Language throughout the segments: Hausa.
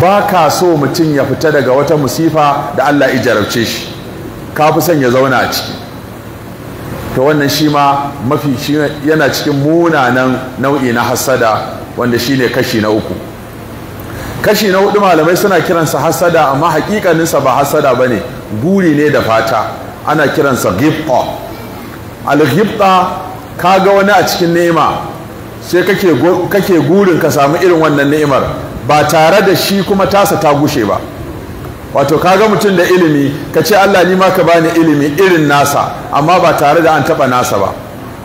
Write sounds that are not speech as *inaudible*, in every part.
ba ka so mutum ya fita daga wata musifa da Allah ya jarabce shi ka fi son ya zauna a ciki to wannan shi ma mafi shi yana cikin munanan nau'i na hasada wanda shi ne kashi na uku kashi na hudu malamai suna kiransa hasada amma hakikaninsa ba hasada bane guri ne da fata ana kiransa gifta al ka kaga wani a cikin ni'ima sai kake kake gurin ka samu irin wannan ni'imar ba tare da shi kuma tasa ta gushe ba wato kaga mutum da ilimi ka ce Allah ni ma ka bani ilimi irin nasa amma ba tare da an taba nasa ba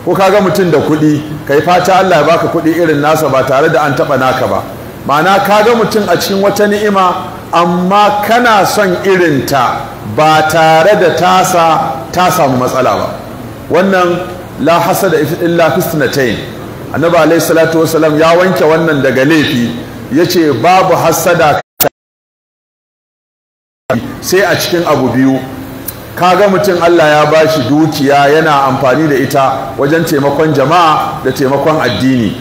ko ka ga mutum da kuɗi kai fata Allah ya baka kuɗi irin nasa ba tare da an taba naka ba ma'ana ga mutum a cikin wata ni'ima amma kana son irinta ba tare da tasa ta samu matsala ba wannan la hasada illa fisnatain annabi alayhi salatu wasalam ya wanke wannan daga laifi ya ce babu hassada sai a cikin abu biyu ka ga mutum Allah ya ba shi dukiya yana amfani da ita wajen taimakon jama'a da taimakon addini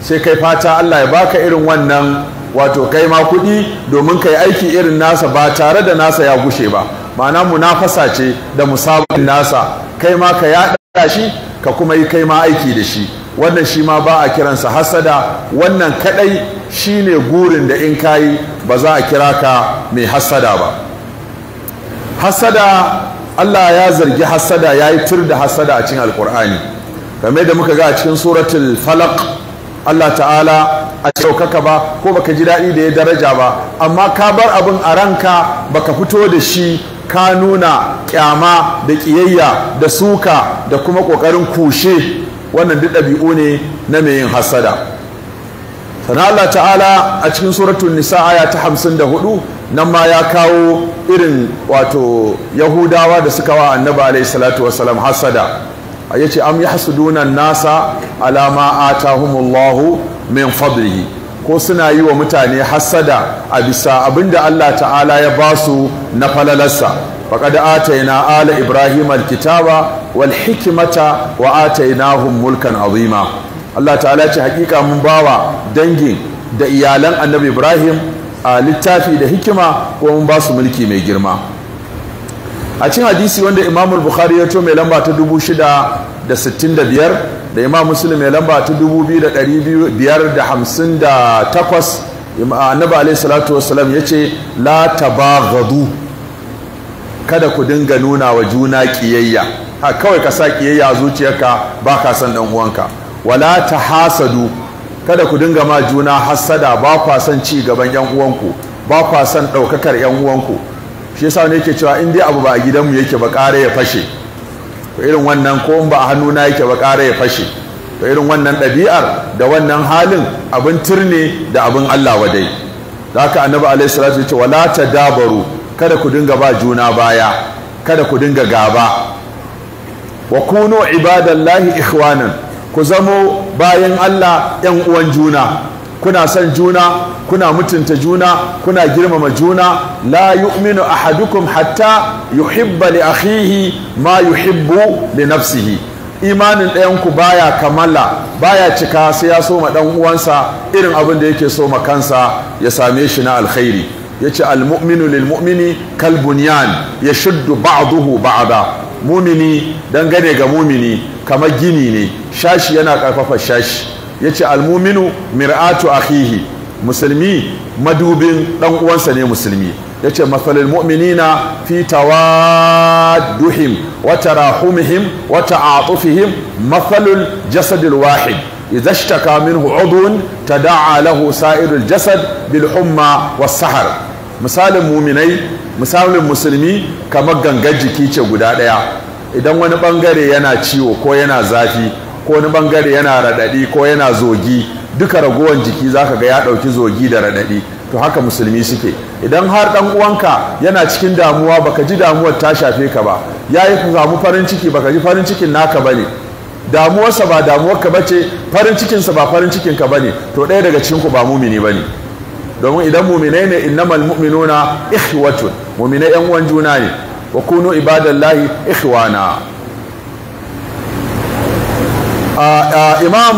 sai kai fata Allah ya baka irin wannan wato kai ma kuɗi domin kai aiki irin nasa ba tare da nasa ya gushe ba ma'ana munafasa ce da musabin nasa kai ma ka yaɗa shi ka kuma yi kai ma aiki da shi wannan shi ma ba a kiransa hasada wannan kadai shine gurin da in kayi ba za a kira ka mai hasada ba hasada Allah ya zargi hasada ya yi tur da hasada a cikin alkur'ani game da muka ga a cikin suratul falak Allah ta'ala a ɗaukaka ba ko baka ji daɗi da ya daraja ba amma ka bar abin a ranka baka fito da shi ka nuna kyama da ƙiyayya da suka da kuma ƙoƙarin kushe wannan duk ɗabi'u ne na mai yin hasada sana Allah ta'ala a cikin suratun nisa aya ta hamsin da hudu nan ma ya kawo irin wato yahudawa da suka wa annabi alai salatu wasalam hasada yi ce am dunan nasa alama A humullahu min fadlihi ko suna yi wa mutane hasada a bisa abinda Allah ta'ala ya basu na falalarsa faqad atayna ala ibrahim alkitaba wal hikimata wa atainahum mulkan azima Allah ta'ala ce hakika mun bawa dangin da iyalan annabi Ibrahim a littafi da hikima ko mun ba su mulki mai girma a cikin hadisi wanda Imam Bukhari ya to mai lamba ta 665 da Imam Muslim mai lamba ta 2258 annabi alayhi salatu wassalam yace la tabaghadu kada ku dinga nuna wa juna kiyayya ha kawai ka sa yayya zuciyarka ba ka san dan uwanka wala tahasadu kada ku dinga ma juna hassada ba kwa san ci gaban yan uwanku ba kwa san daukakar yan uwanku shi yasa ne yake cewa in dai abu ba a gidanmu yake ba ƙara ya fashe to irin wannan ko ba a hannu na yake ba ƙara ya fashe to irin wannan ɗabi'ar da wannan halin abin turne da abin Allah wadai da haka annabi alaihi salatu yace wala tadabaru kada ku dinga ba juna baya kada ku dinga gaba wa kunu ibadallahi ikhwanan ku zamo bayan Allah yan uwan juna kuna son juna kuna mutunta juna kuna girmama juna la yu'minu ahadukum hatta yuhibba li akhihi ma yuhibbu li nafsihi imanin ɗayanku baya kamala baya cika sai ya so ma ɗan uwansa irin abin da yake so ma kansa ya same shi na alkhairi yace almu'minu lilmu'mini kalbunyan ya shuddu ba'duhu ba'da mumini dangane ga mumini kamar gini ne shashi yana karfafa shashi yace almuminu mir'atu akhihi musulmi madubin dan uwansa ne musulmi yace mathalul mu'minina fi tawadduhim wa tarahumihim wa ta'atufihim masalul jasadil wahid minhu udun منه عضو تداعى jasad bil humma بالحمى والسحر misalin muminai misalin musulmi kamar gangar jiki ce guda ɗaya idan wani ɓangare yana ciwo ko yana zafi ko wani ɓangare yana raɗaɗi ko yana zogi duka ragowar jiki za ka ga ya ɗauki zogi da raɗaɗi to haka musulmi suke idan har ɗan uwanka yana cikin damuwa baka ji damuwar ta shafe ka ba ya yi samu farin ciki baka ji farin cikin naka ba ne damuwarsa ba damuwar ka ba ce farin cikinsa ba farin cikinka ba ne to ɗaya daga cikinku ba mumini ba ne domin idan mu'minai ne innamal mu'minuna ikhwatun mu'minai yan uwan juna ne wa kunu ibadallahi ikhwana imam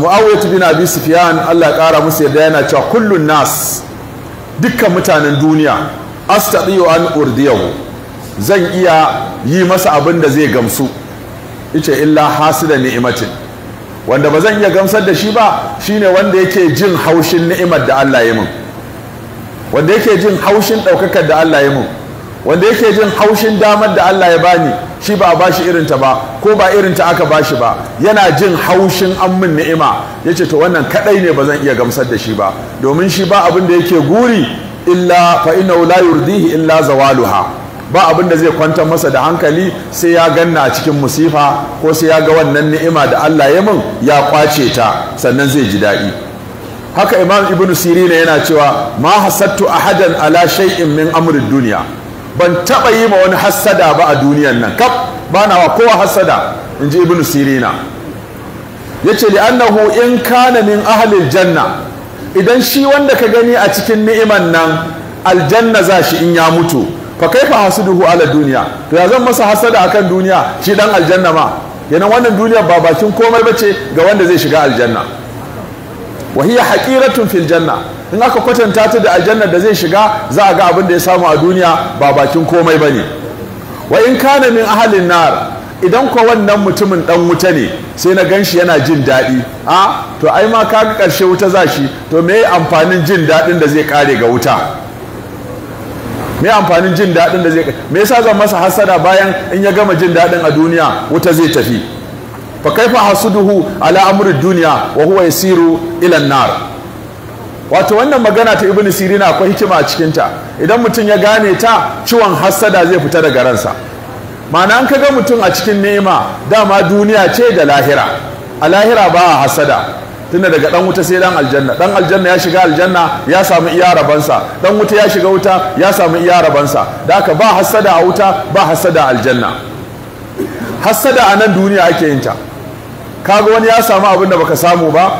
mu'awiyat bin abi sufyan Allah kara musu yadda yana cewa kullun nas dukkan mutanen duniya astadiyu an urdiyahu zan iya yi masa abin da zai gamsu ice illa hasida ni'imatin wanda ba zan iya gamsar da shi ba shine wanda yake jin haushin ni'imar da Allah ya mun wanda yake jin haushin ɗaukakar da Allah ya mun wanda yake jin haushin damar da Allah ya bani shi ba a bashi irinta ba ko ba irinta aka ba shi ba yana jin haushin an min ni'ima Ya ce to wannan kadai ne ba zan iya gamsar da shi ba domin shi ba abin da yake guri illa fa inna la yurdihi illa zawaluha ba abin da zai kwantar masa da hankali sai ya ganna a cikin musifa ko sai ya ga wannan ni'ima da Allah ya mun ya kwace ta sannan zai ji daɗi haka imam ibnu sirina yana cewa ma hasattu ahadan ala shay'in min amri duniya ban taba yi ma wani hassada ba a duniyan nan kaf bana wa kowa in ji ibnu sirina yace li annahu in kana min ahli janna idan shi wanda ka gani a cikin ni'iman nan aljanna za shi in ya mutu fa kai fa hasuduhu ala duniya to ya zan masa hasada akan duniya shi dan aljanna ma kenan wannan duniya ba bakin komai bace ga wanda zai shiga aljanna wa hiya haqiratun fil janna in aka kwatanta ta da aljanna da zai shiga za a ga abin da ya samu a duniya ba bakin komai bane wa in kana min ahlin nar idan ko wannan mutumin dan wuta ne sai na ganshi yana jin daɗi a ah, to ai ma kaga karshe wuta za shi to me amfanin jin daɗin da zai kare ga wuta me amfanin jin daɗin da zai kai me yasa zan masa hasada bayan in ya gama jin daɗin a duniya wuta zai tafi fa kaifa hasuduhu ala amri duniya wa huwa yasiru ila nar wato wannan magana ta ibnu sirina akwai hikima a cikin ta idan mutum ya gane ta ciwon hasada zai fita daga ransa ma'ana an kaga mutum a cikin nema dama duniya ce da lahira a lahira ba a hasada tunda daga dan wuta sai dan aljanna dan aljanna ya shiga aljanna ya samu iya rabansa dan wuta ya shiga wuta ya samu iya rabansa da haka ba hassada a wuta ba hassada aljanna hassada a nan duniya ake yin ta kaga wani ya samu abin da baka samu ba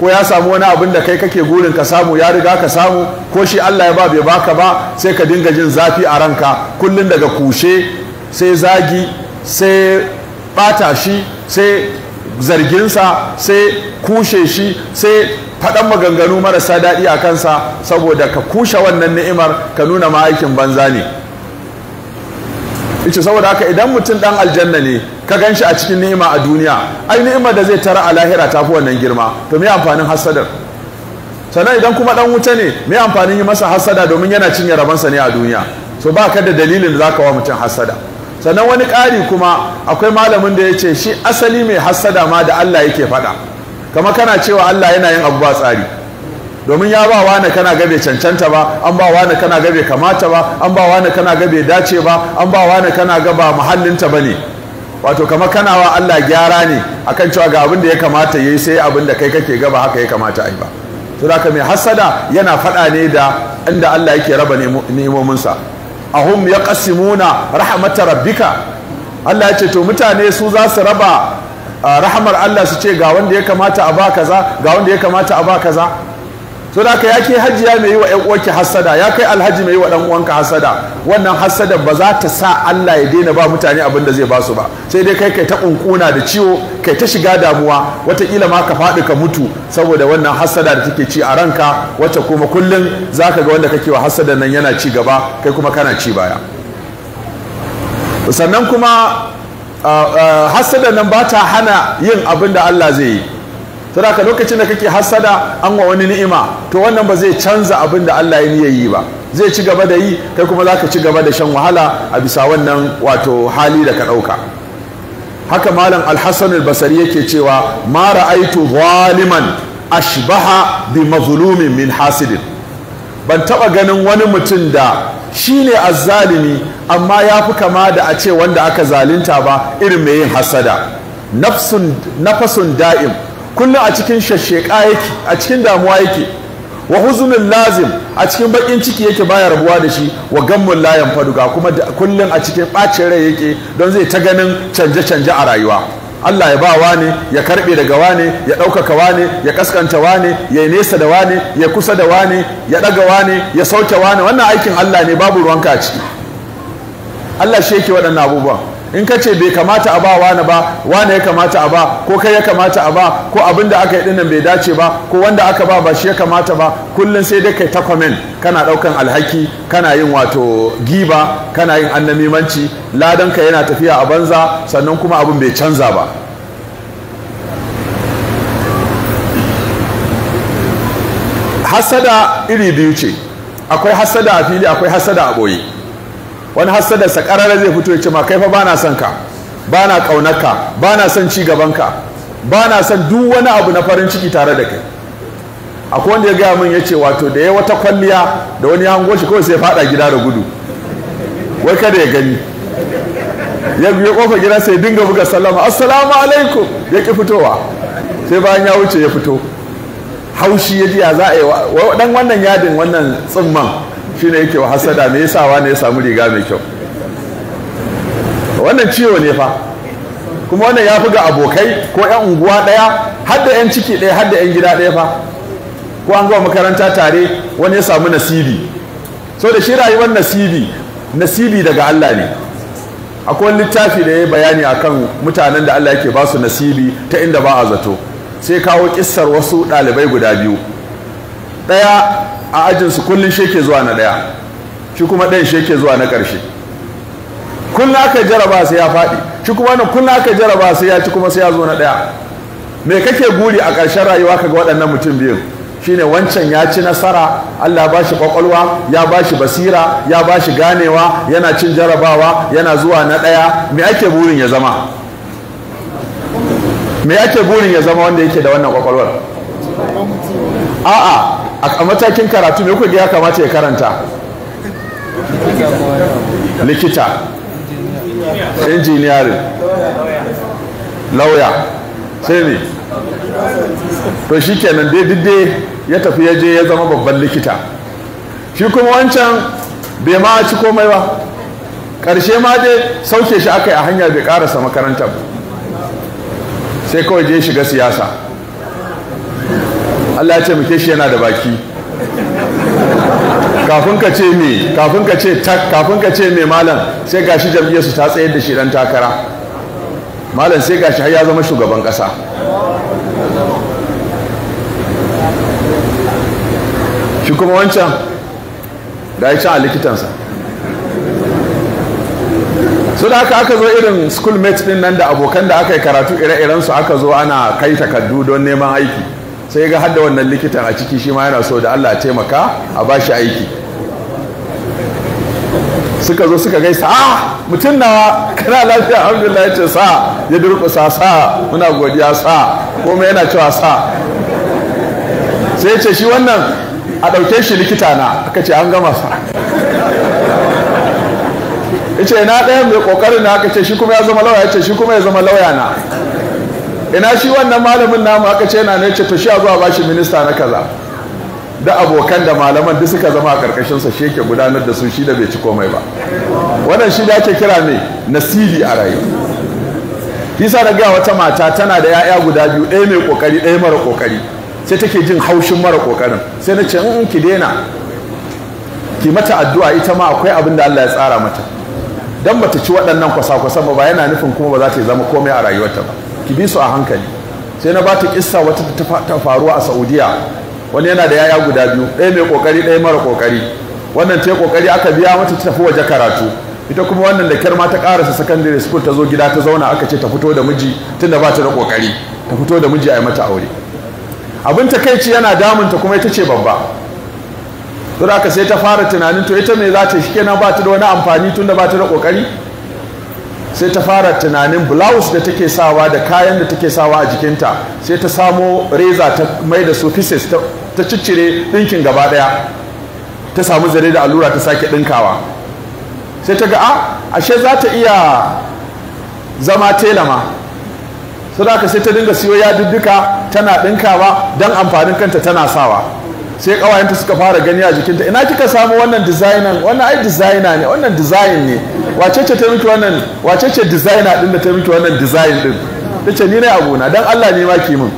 ko ya samu wani abin da kai kake gurin ka samu ya riga ka samu ko shi Allah ya ba bai baka ba sai ka dinga jin zafi a ranka kullun daga kushe sai zagi sai bata shi sai zarginsa sai kushe shi sai faɗan maganganu marasa daɗi a kansa saboda ka kushe wannan ni'imar ka nuna ma banza ne ice saboda haka idan mutum ɗan aljanna ne ka gan shi a cikin ni'ima a duniya ai ni'imar da zai tara a lahira ta fi wannan girma to me amfanin hasadar sannan idan kuma ɗan wuta ne me amfanin yi masa hasada domin yana cinye rabansa ne a duniya so ba ka da dalilin da za ka wa mutum hasada sannan wani ƙari kuma akwai malamin da ya ce shi asali mai hassada ma da Allah yake faɗa kama kana cewa Allah yana yin abu ba tsari domin ya ba wani kana ga cancanta ba an ba wani kana ga kamata ba an ba wani kana ga dace ba an ba wani kana ga muhallinta ba ne wato kama kana wa Allah gyara ne akan cewa ga abin da ya kamata ya yi sai abin da kai kake gaba haka ya kamata a yi ba to mai hassada yana faɗa ne da inda Allah yake raba nemominsa ahum ya qasimuna rahamata rabbika Allah ya ce to mutane su za su raba ah, rahamar Allah su ce ga wanda ya kamata a ba kaza ga wanda ya kamata a ba kaza so da ka yake hajiya mai yi wa ƴan uwanki hasada ya kai alhaji mai yi wa ɗan uwanka hasada wannan hasada ba za ta sa Allah ya daina ba mutane abin da zai ba su ba sai dai kai kai ta kunkuna da ciwo kai ta shiga damuwa watakila ma ka faɗi ka mutu saboda wannan hasada da take ci a ranka wacce kuma kullum za ka ga wanda kake wa hasada nan yana ci gaba kai kuma kana ci baya sannan kuma hasada nan ba ta hana yin abin da Allah zai yi to da lokacin da kake hasada an wa wani ni'ima to wannan ba zai canza abin da Allah ya niyyar yi ba zai ci gaba da yi kai kuma zaka ci gaba da shan wahala a bisa wannan wato hali da ka ɗauka haka malam al-Hasan al-Basri yake cewa ma ra'aitu zaliman ashbaha bi mazlumin min hasidin ban taba ganin wani mutum da shi ne azzalimi amma ya fi kama da a ce wanda aka zalunta ba irin mai yin hasada nafsun nafasun da'im kullum a cikin shasheka yake a cikin damuwa yake wa huzunin lazim a cikin bakin ciki yake baya rabuwa da shi wa gammun layan faduga kuma kullum a cikin ɓacin rai yake don zai ta ganin canje-canje a rayuwa Allah ya ba ne, ya karbe daga ne, ya ɗaukaka ne, ya kaskanta ne, ya nesa da ne, ya kusa da ne, ya ɗaga ne, ya sauke ne. wannan aikin Allah ne babu ruwanka a ciki Allah shi yake waɗannan abubuwan in ka ce bai kamata a ba wani ba wani ya kamata a ba ko kai ya kamata a ba ko abin da aka yi dinnan bai dace ba ko wanda aka ba ba shi ya kamata ba kullum sai dai kai ta kana daukan alhaki kana yin wato giba kana yin annamimanci ladan ka yana tafiya a banza sannan kuma abin bai canza ba hasada iri biyu ce akwai hasada a fili akwai hasada a boye wani hassadarsa sa karara zai fito ya ce ma kai fa bana son ka bana ba bana son ci gaban ka bana son duk wani abu na farin ciki tare da kai akwai wanda ya gaya min ya ce wato da ya wata kwalliya da wani hango shi kawai sai fada gida da gudu wai kada ya gani ya biyo kofar gida sai dinga buga sallama assalamu alaikum ya ki fitowa sai bayan ya wuce ya fito haushi ya ji ya za a yi wa dan wannan yadin wannan tsimman shi ne yake wa hasada me yasa ne ya samu riga mai kyau wannan ciwo ne fa kuma wannan ya fi ga abokai ko 'yan unguwa ɗaya har 'yan ciki ɗaya har 'yan gida ɗaya fa ko an gama makaranta tare wani ya samu nasibi so da shi rayuwar nasibi nasibi daga Allah ne akwai littafi da ya yi bayani akan mutanen da Allah yake ba su nasibi ta inda ba a zato sai kawo kissar wasu ɗalibai guda biyu ɗaya a ajinsu kullum shi ke zuwa na ɗaya shi kuma ɗan shi ke zuwa na ƙarshe kullum aka jaraba sai ya faɗi shi kuma wannan kullum aka jaraba sai ya ci kuma sai ya zo na ɗaya me kake guri a ƙarshen rayuwa ka ga waɗannan mutum biyu shine wancan ya ci nasara Allah ba shi ƙwaƙwalwa ya ba shi basira ya ba shi ganewa yana cin jarabawa yana zuwa na ɗaya me ake burin ya zama me ake burin ya zama wanda yake da wannan ƙwaƙwalwar a'a a matakin karatu ne kuka ya kamata ya karanta likita engineering lauya sai ne to shi kenan dai ya tafi ya je ya zama babban likita shi kuma wancan bai ma ci komai ba ƙarshe ma dai sauke shi aka yi a hanya bai ƙarasa makarantar sai kawai je shiga siyasa Allah ya ce muke shi yana da baki kafin ka ce me kafin ka ce tak kafin ka ce me malam sai gashi jam'iyyar su ta tsayar da shi dan takara malam sai gashi har ya zama shugaban kasa shi kuma wancan da ya ci a likitansa su da haka aka zo irin schoolmates din nan da abokan da aka yi karatu ire-irensu aka zo ana kai takardu don neman aiki sai ga hadda wannan likitan a ciki shi ma yana so da Allah taimaka a ba shi aiki suka zo suka gaisa ah mutum na kana lafiya alhamdulillah ya ce sa ya durƙusa sa muna godiya sa komai yana cewa sa sai ya ce shi wannan a ɗauke shi likita na aka ce an gama sa ya ce na ɗaya mai ƙoƙarin na aka ce shi kuma ya zama lauya ya ce shi kuma ya zama lauya na ina shi wannan malamin namu aka ce yana ne ce to shi a zuwa shi minista na kaza da abokan da malaman duk suka zama a karkashin sa sheke gudanar da su shi da bai ci komai ba wannan shi da ake kira ne nasiri a rayu kisa da ga wata mata tana da yaya guda biyu ɗaya mai kokari ɗaya mara kokari sai take jin haushin mara kokarin sai na ce in mm, ki dena ki mata addu'a ita ma akwai abin da Allah ya tsara mata dan bata ci waɗannan kwasa-kwasan ba yana nufin kuma ba za ta zama komai a rayuwarta ba ki bi su a hankali sai na bata kissa wata ta faruwa a Saudiya wani yana da yaya guda biyu ɗaya mai kokari ɗaya mara kokari wannan ta kokari aka biya mata ta tafi waje karatu ita kuma wannan da kyar ma ta karasa secondary school ta zo gida ta zauna aka ce ta fito da miji tun ba ta da kokari ta fito da miji a yi mata aure abin ta ci yana damunta kuma ita ce babba don haka sai ta fara tunanin to ita me za ta shi kenan ba ta da wani amfani da ba ta da kokari sai ta fara tunanin blouse da take sawa da kayan da take sawa a jikinta sai ta samo reza ta mai da su pieces ta ciccire ɗinkin gaba ɗaya ta samu zare da allura ta sake ɗinkawa sai ta ga a ah, ashe za ta iya zama telama sadaka sai ta dinga siyo yadudduka tana ɗinkawa don amfanin kanta tana sawa sai kawayenta suka fara gani a jikinta ina kika samu wannan designer wannan ai designer ne wannan design ne wace ce ta miki wannan wace ce designer din da ta miki wannan design din tace ni ne abuna dan Allah ne ma ki min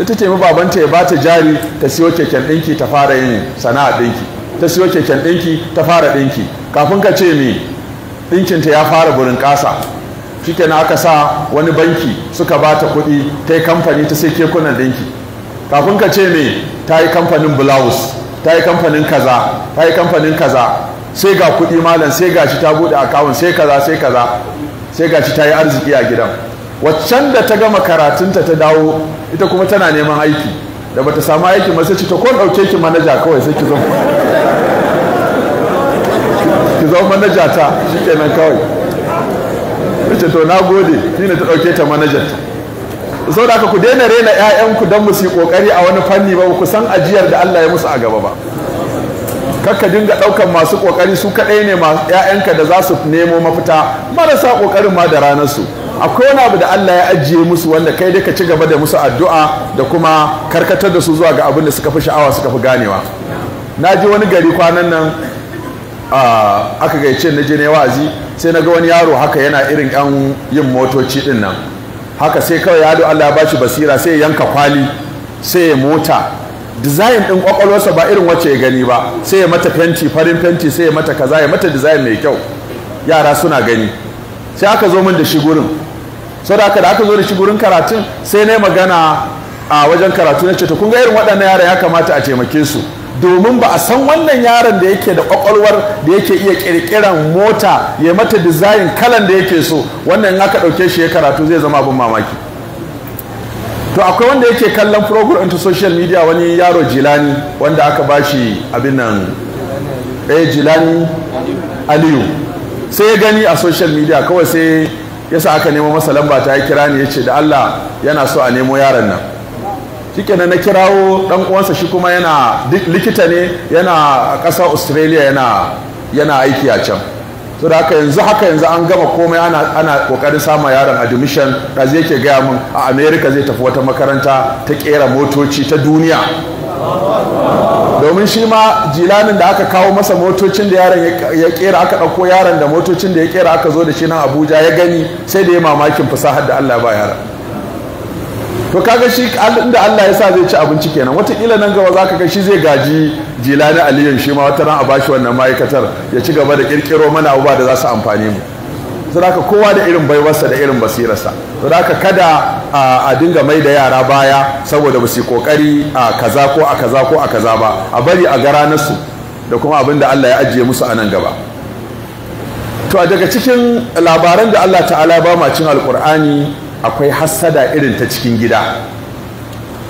ita ce babanta ya bata jari ta siyo keken dinki ta fara yin sana'a dinki ta siyo keken dinki ta fara dinki kafin ka ce me dinkin ta ya fara burin kasa shikenan aka sa wani banki suka bata kuɗi ta yi kamfani ta sai kekunan dinki kafin ka ce me ta yi kamfanin blouse ta yi kamfanin kaza ta yi kamfanin kaza sai ga kuɗi malam sai ga shi ta buɗe akawun sai kaza sai kaza sai ga shi ta yi arziki a gidan waccan da ta gama karatunta ta dawo ita kuma tana neman aiki da bata samu aiki ba sai ta ko ɗauke ki manaja kawai sai ki zo ki zo manaja ta shikenan kawai ita to na gode ni ne ta ɗauke ta manajan ta da aka ku daina rena 'ya'yanku don musu yi kokari a wani fanni ba ku san ajiyar da Allah ya musu a gaba ba kakka dinga ɗaukan masu ƙoƙari su kaɗai ne ‘ya'yanka da za su nemo mafita marasa ƙoƙarin ma da ranar su akwai wani abu da Allah ya ajiye musu wanda kai dai ka ci gaba da musu addu'a da kuma karkatar da su zuwa ga abin da suka fi sha'awa suka fi ganewa na ji wani gari kwanan nan aka gaice na je ne wa'azi sai na ga wani yaro haka yana irin yan yin motoci din nan haka sai kawai yado Allah ya bashi basira sai ya yanka kwali sai ya mota design din kwakwalwarsa ba irin wacce ya gani ba sai ya mata fenti farin fenti sai ya mata kaza ya mata design mai kyau yara suna gani sai aka zo min da shi gurin saboda haka da aka zo da shi gurin karatun sai na yi magana a wajen karatu na ce to kun ga irin waɗannan yara ya kamata a taimake su domin ba a san wannan yaron da yake da kwakwalwar da yake iya kirkiran mota ya mata dizayin kalan da yake so wannan in aka ɗauke shi ya karatu zai zama abin mamaki to akwai wanda yake kallon program ta social media wani yaro jilani wanda aka bashi abin nan eh jilani aliyu sai ya gani a social media kawai sai ya sa aka nemo masa lamba ta ya kira ni ya ce da allah yana so a nemo yaron nan shikenan na kirawo dan uwansa shi kuma yana likita ne yana a ƙasa australia yana yana aiki a can to da haka yanzu haka yanzu an gama komai ana ana kokarin samun yaron admission da zai ke gaya mun a america zai tafi wata makaranta ta kera motoci ta duniya domin shi ma jilanin da aka kawo masa motocin da yaron ya kera aka ɗauko yaron da motocin da ya kera aka zo da shi nan abuja ya gani sai da ya mamakin fasahar da allah ba yaron to kaga shi inda Allah ya sa zai ci abinci kenan watakila nan gaba za ka ga shi zai gaji jilani aliyun shi ma wata ran a bashi wannan ma'aikatar ya ci gaba da kirkiro mana abubuwa da za su amfani mu saboda kowa da irin baiwarsa da irin basirarsa saboda kada a dinga mai da yara baya saboda ba su kokari a kaza ko a kaza ko a kaza ba a bari a gara nasu da kuma abin da Allah ya ajiye musu a nan gaba to daga cikin labaran da Allah ta'ala ba ma cin alkur'ani akwai hassada irin ta cikin gida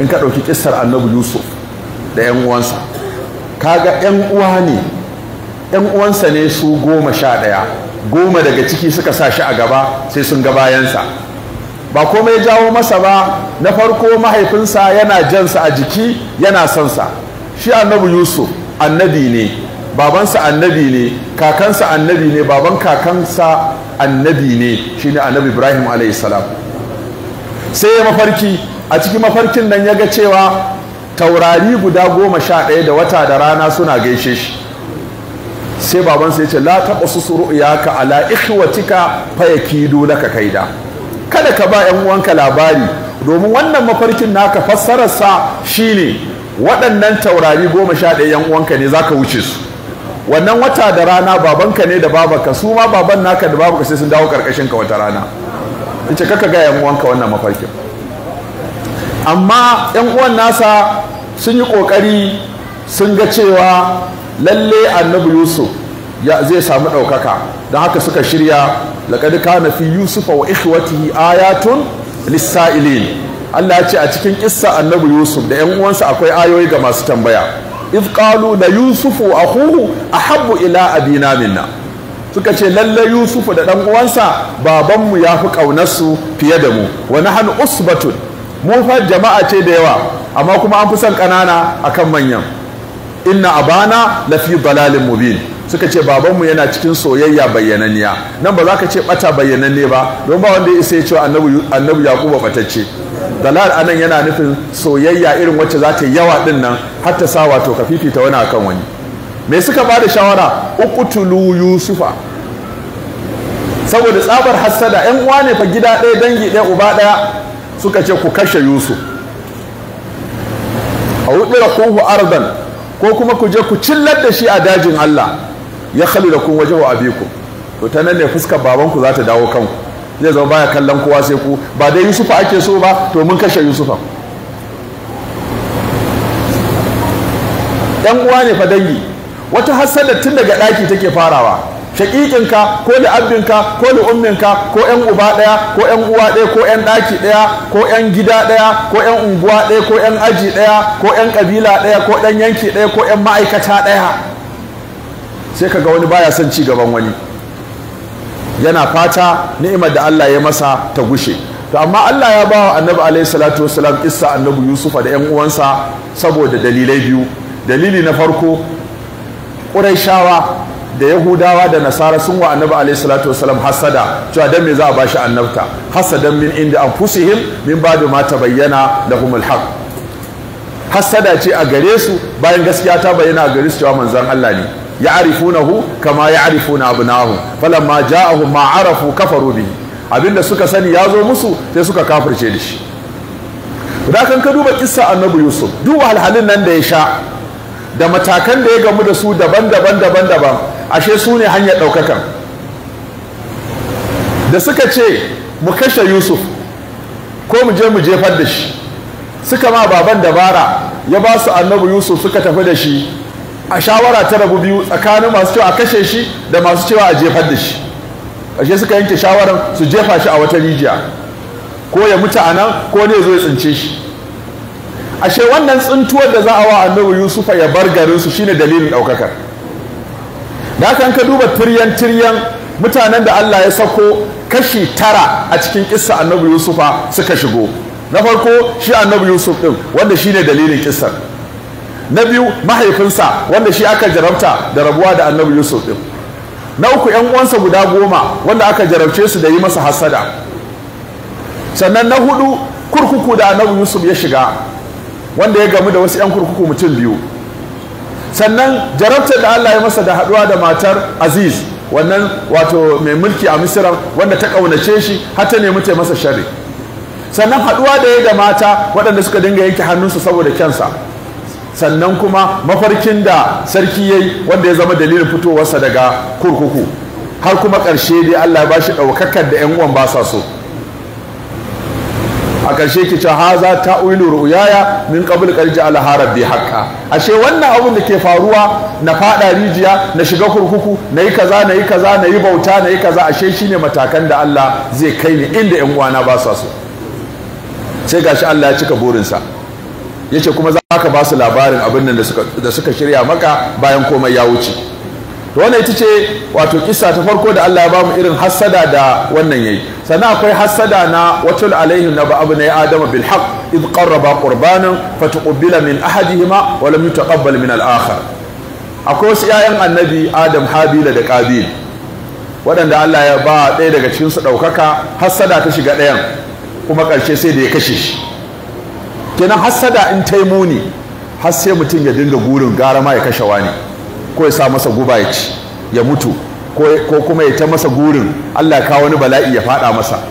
in ka ɗauki ƙisar annabi yusuf da 'yan uwansa kaga 'yan uwa ne 'yan uwansa ne su goma sha ɗaya goma daga ciki suka sa shi a gaba sai sun ga bayansa ba komai jawo masa ba na farko mahaifinsa yana jansa a jiki yana sonsa shi annabi yusuf annabi ne babansa annabi ne kakansa annabi ne baban kakansa annabi ne shine annabi ibrahim alayhi sai ya mafarki a cikin mafarkin nan ya ga cewa taurari guda goma sha ɗaya da wata da rana suna gaishe shi sai baban ya ce la taɓa su ka ala ikhwatika faya kidu laka kaida kada ka ba yan uwanka labari domin wannan mafarkin naka fassarar fassararsa shine waɗannan taurari goma sha ɗaya yan uwanka ne zaka wuce su wannan wata da rana babanka ne da babanka su ma baban naka da babanka sai sun dawo karkashin ka wata rana yace kaka ga yan uwanka wannan mafarkin amma yan uwan nasa sun yi kokari sun ga cewa lalle annabi yusuf ya zai samu ɗaukaka don haka suka shirya ka kana fi yusufa wa ikhwatihi ayatun lissa'ilin Allah ya ce a cikin kissa annabi yusuf da yan uwansa akwai ayoyi ga masu tambaya If qalu da yusufu ahuhu ahabbu ila abina minna suka ce lalle yusufu da dan uwansa babanmu ya fi ƙaunarsu fiye da mu Wani nahnu usbatun mu fa jama'a ce da yawa amma kuma an fi son ƙanana akan manyan inna abana lafi dalalin mubin suka ce babanmu yana cikin soyayya bayyananniya nan ba za ka ce bata bayyananne ba don ba wanda ya isa ya ce annabi yakubu yaquba batacce dalal anan yana nufin soyayya irin wacce za ta yawa din nan har ta sa wato ka fifita wani akan wani me suka ba da shawara ukutulu yusufa saboda tsabar hassada yan uwa ne fa gida ɗaya dangi ɗaya uba ɗaya suka ce ku kashe yusuf a da kuhu ardan ko kuma ku je ku cillar da shi a dajin allah ya khali da kun waje wa abiku to ta nan ne fuskar babanku za ta dawo kanku zai zama baya kallon kowa sai ku ba dai yusufa ake so ba to mun kashe yusufa yan uwa ne fa dangi wata hassada tun daga ɗaki take farawa shaƙiƙinka ko li'abbinka ko li'umminka ko ƴan uba ɗaya ko ƴan uwa ɗaya ko ƴan ɗaki ɗaya ko ƴan gida ɗaya ko ƴan unguwa ɗaya ko ƴan aji ɗaya ko ƴan ƙabila ɗaya ko ɗan yanki ɗaya ko ƴan ma'aikata ɗaya sai ka ga wani baya son ci gaban wani yana fata ni'imar da Allah ya masa ta gushe to amma Allah ya bawa annabi alaihi salatu wasalam kissa annabi yusufa da ƴan uwansa saboda dalilai biyu dalili na farko ƙurayshawa da yahudawa da nasara sun wa annabi alaihi salatu wasalam hasada cewa dan me za a bashi annabta hasadan min inda anfusihim min ba'du ma tabayyana humul haq hasada ce a gare su bayan gaskiya ta bayyana a gare su cewa manzon Allah ne arifunahu kama ya arifuna abnahu falamma ja'ahu ma arafu kafaru bihi abinda suka sani ya zo musu sai suka kafirce da shi da kan ka duba kissa annabi yusuf duk alhalin nan da ya sha da matakan da ya gamu da su daban-daban daban-daban ashe su ne hanyar ɗaukakan da suka ce mu kashe yusuf ko mu je mu jefar da shi suka ma baban dabara ya ba su annabi yusuf suka tafi da shi a shawara ta rabu biyu tsakanin masu cewa a kashe shi da masu cewa a jefar da shi ashe suka yanke shawarar su jefa shi a wata rijiya ko ya mutu a nan ko ne zo ya tsince shi ashe wannan tsintuwar da za a wa annabi yusufa ya bar garinsu shine dalilin ɗaukakar da kan ka duba tiryan tiryan mutanen da allah ya sako kashi tara a cikin kissa annabi yusufa suka shigo na farko shi annabi yusuf ɗin wanda shine dalilin kissar na biyu mahaifinsa wanda shi aka jarabta da rabuwa da annabi yusuf ɗin na uku yan uwansa guda goma wanda aka jarabce su da yi masa hasada sannan na hudu kurkuku da annabi yusuf ya shiga wanda ya gamu da wasu 'yan kurkuku mutum biyu sannan jarabtar da Allah ya masa da haɗuwa da matar aziz wannan wato mai mulki a misira wanda ta ƙaunace shi har ta nemi ta masa shari sannan haɗuwa da ya da mata waɗanda suka dinga yanke hannunsa saboda kyansa sannan kuma mafarkin da sarki ya yi wanda ya zama dalilin fitowarsa daga kurkuku har kuma ƙarshe dai Allah ya ba shi ɗaukakar da 'yan uwan ba sa so a ƙarshe ki ce haza ta'wilu ru'yaya min qabl qad ja'ala bi haqqa ashe wannan abin da ke faruwa na faɗa rijiya na shiga kurkuku na yi kaza na yi kaza na yi bauta na yi kaza ashe shine matakan da Allah zai kai ni inda yan uwana ba sa so sai gashi Allah ya cika burinsa yace kuma za ka ba su labarin abin nan da suka shirya maka bayan komai ya wuce to wannan ita ce wato kisa ta farko da Allah ya bamu irin hassada da wannan yayi sannan akwai hassada na watul alaihi na ba'abu na adama bil haqq id qarraba qurbanan fatuqbila min ahadihima wa lam yutaqabbal min al akhar akwai wasu 'ya'yan annabi adam habila da qabil waɗanda Allah ya ba ɗaya daga cikin su ɗaukaka hassada ta shiga ɗayan kuma ƙarshe sai da ya kashe shi kenan hassada in taimuni har sai mutum ya dinga gurin gara ma ya kashe wani ko ya sa masa guba ya ci ya mutu ko kuma ya ta masa gurin Allah kawo wani bala'i ya fada masa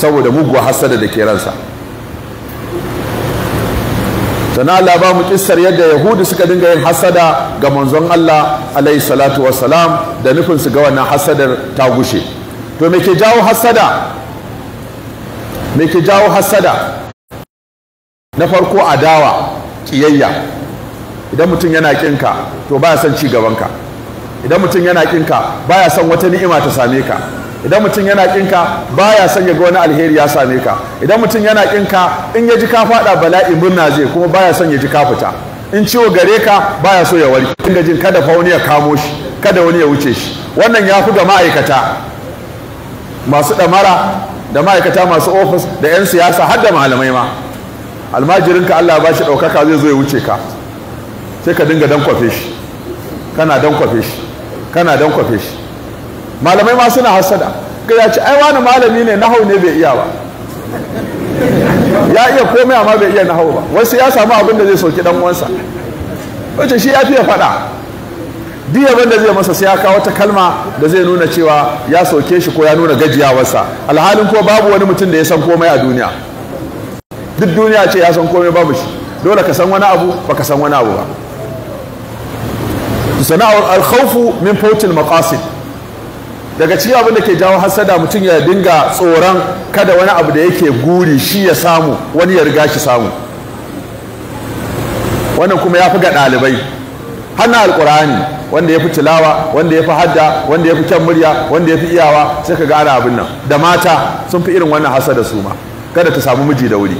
saboda muguwa hasada da ke ransa sana Allah ba mu kissar yadda yahudu suka dinga yin hasada ga manzon Allah alaihi salatu wassalam da nufin su ga wannan hasadar ta gushe to me ke jawo hasada me ke jawo hasada na farko adawa kiyayya idan mutum yana kinka to baya son ci gabanka idan mutum yana kinka baya son wata ni'ima ta same ka idan mutum yana kinka baya son ya ga wani alheri ya same ka idan mutum yana kinka in ya ji ka fada bala'i murna zai kuma baya son ya ji ka fita in ciwo gare ka baya so ya warke kinga jin kada fa wani ya kamo shi kada wani ya wuce shi wannan ya fi ga ma'aikata masu damara da ma'aikata masu ofis da 'yan siyasa har da malamai ma almajirinka Allah ba shi ɗaukaka zai zo ya wuce ka sai ka dinga dan kwafe shi kana dan kwafe shi kana dan kwafe shi malamai ma suna hasada ga ya ci ai wani malami ne nahau ne bai iya ba ya iya komai amma bai iya nahau ba wasu ya samu abin da zai sauki dan uwansa wace shi ya fiye faɗa Jiya banda zai masa sai ya kawo wata kalma da zai nuna cewa ya soke shi ko ya nuna gajiyawarsa alhalin ko babu wani mutum da ya san komai a duniya duk duniya ce ya san komai babu shi dole ka san wani abu ba ka san wani abu ba sana'ar alkhawfu min fautil maqasid daga cikin abin da ke jawo hasada mutum ya dinga tsoron kada wani abu da yake guri shi ya samu wani ya riga shi samu wannan kuma ya fi ga ɗalibai hannun alkur'ani wanda ya fi tilawa wanda ya fi hadda wanda ya fi kyan murya wanda ya fi iyawa sai ka gara abin nan da mata sun fi irin wannan hasada su ma kada ta samu miji da wuri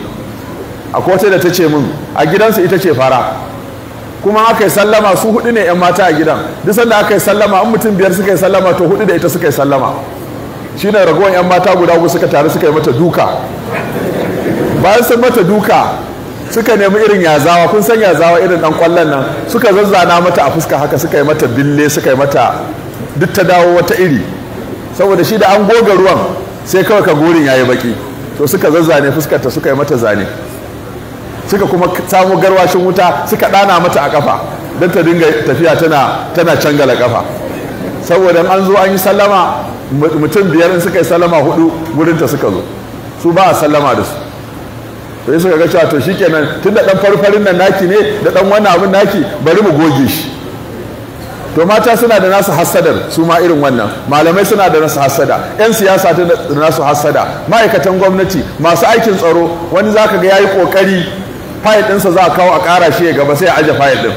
akwai wata da ta ce min a gidansa ita ce fara kuma aka yi sallama su hudu ne 'yan mata a gidan duk sanda aka yi sallama an mutum biyar suka yi sallama to hudu da ita suka yi sallama shi ne ragowar 'yan mata guda uku suka taru suka yi mata duka bayan sun mata duka suka nemi irin yazawa kun san yazawa irin dan kwallon nan suka zazzana mata a fuska haka suka yi mata bille suka yi mata duk ta dawo wata iri saboda shi da an goga ruwan sai kawai ka ya yi baki to suka zazzane fuskarta suka yi mata zane suka kuma samo garwashin wuta suka ɗana mata a kafa don ta dinga tafiya tana tana cangala kafa saboda an zo an yi sallama mutum biyar in suka yi sallama hudu ta suka zo su ba a sallama da su sai suka ga cewa to shikenan tun da ɗan farfarin nan naki ne da ɗan wannan abin naki bari mu goge shi to mata suna da nasu hassadar su ma irin wannan malamai suna da nasu hassada yan siyasa da nasu hassada ma'aikatan gwamnati masu aikin tsaro wani zaka ga yayi kokari fayil ɗinsa za a kawo a ƙara shi ya gaba sai a aje fayil ɗin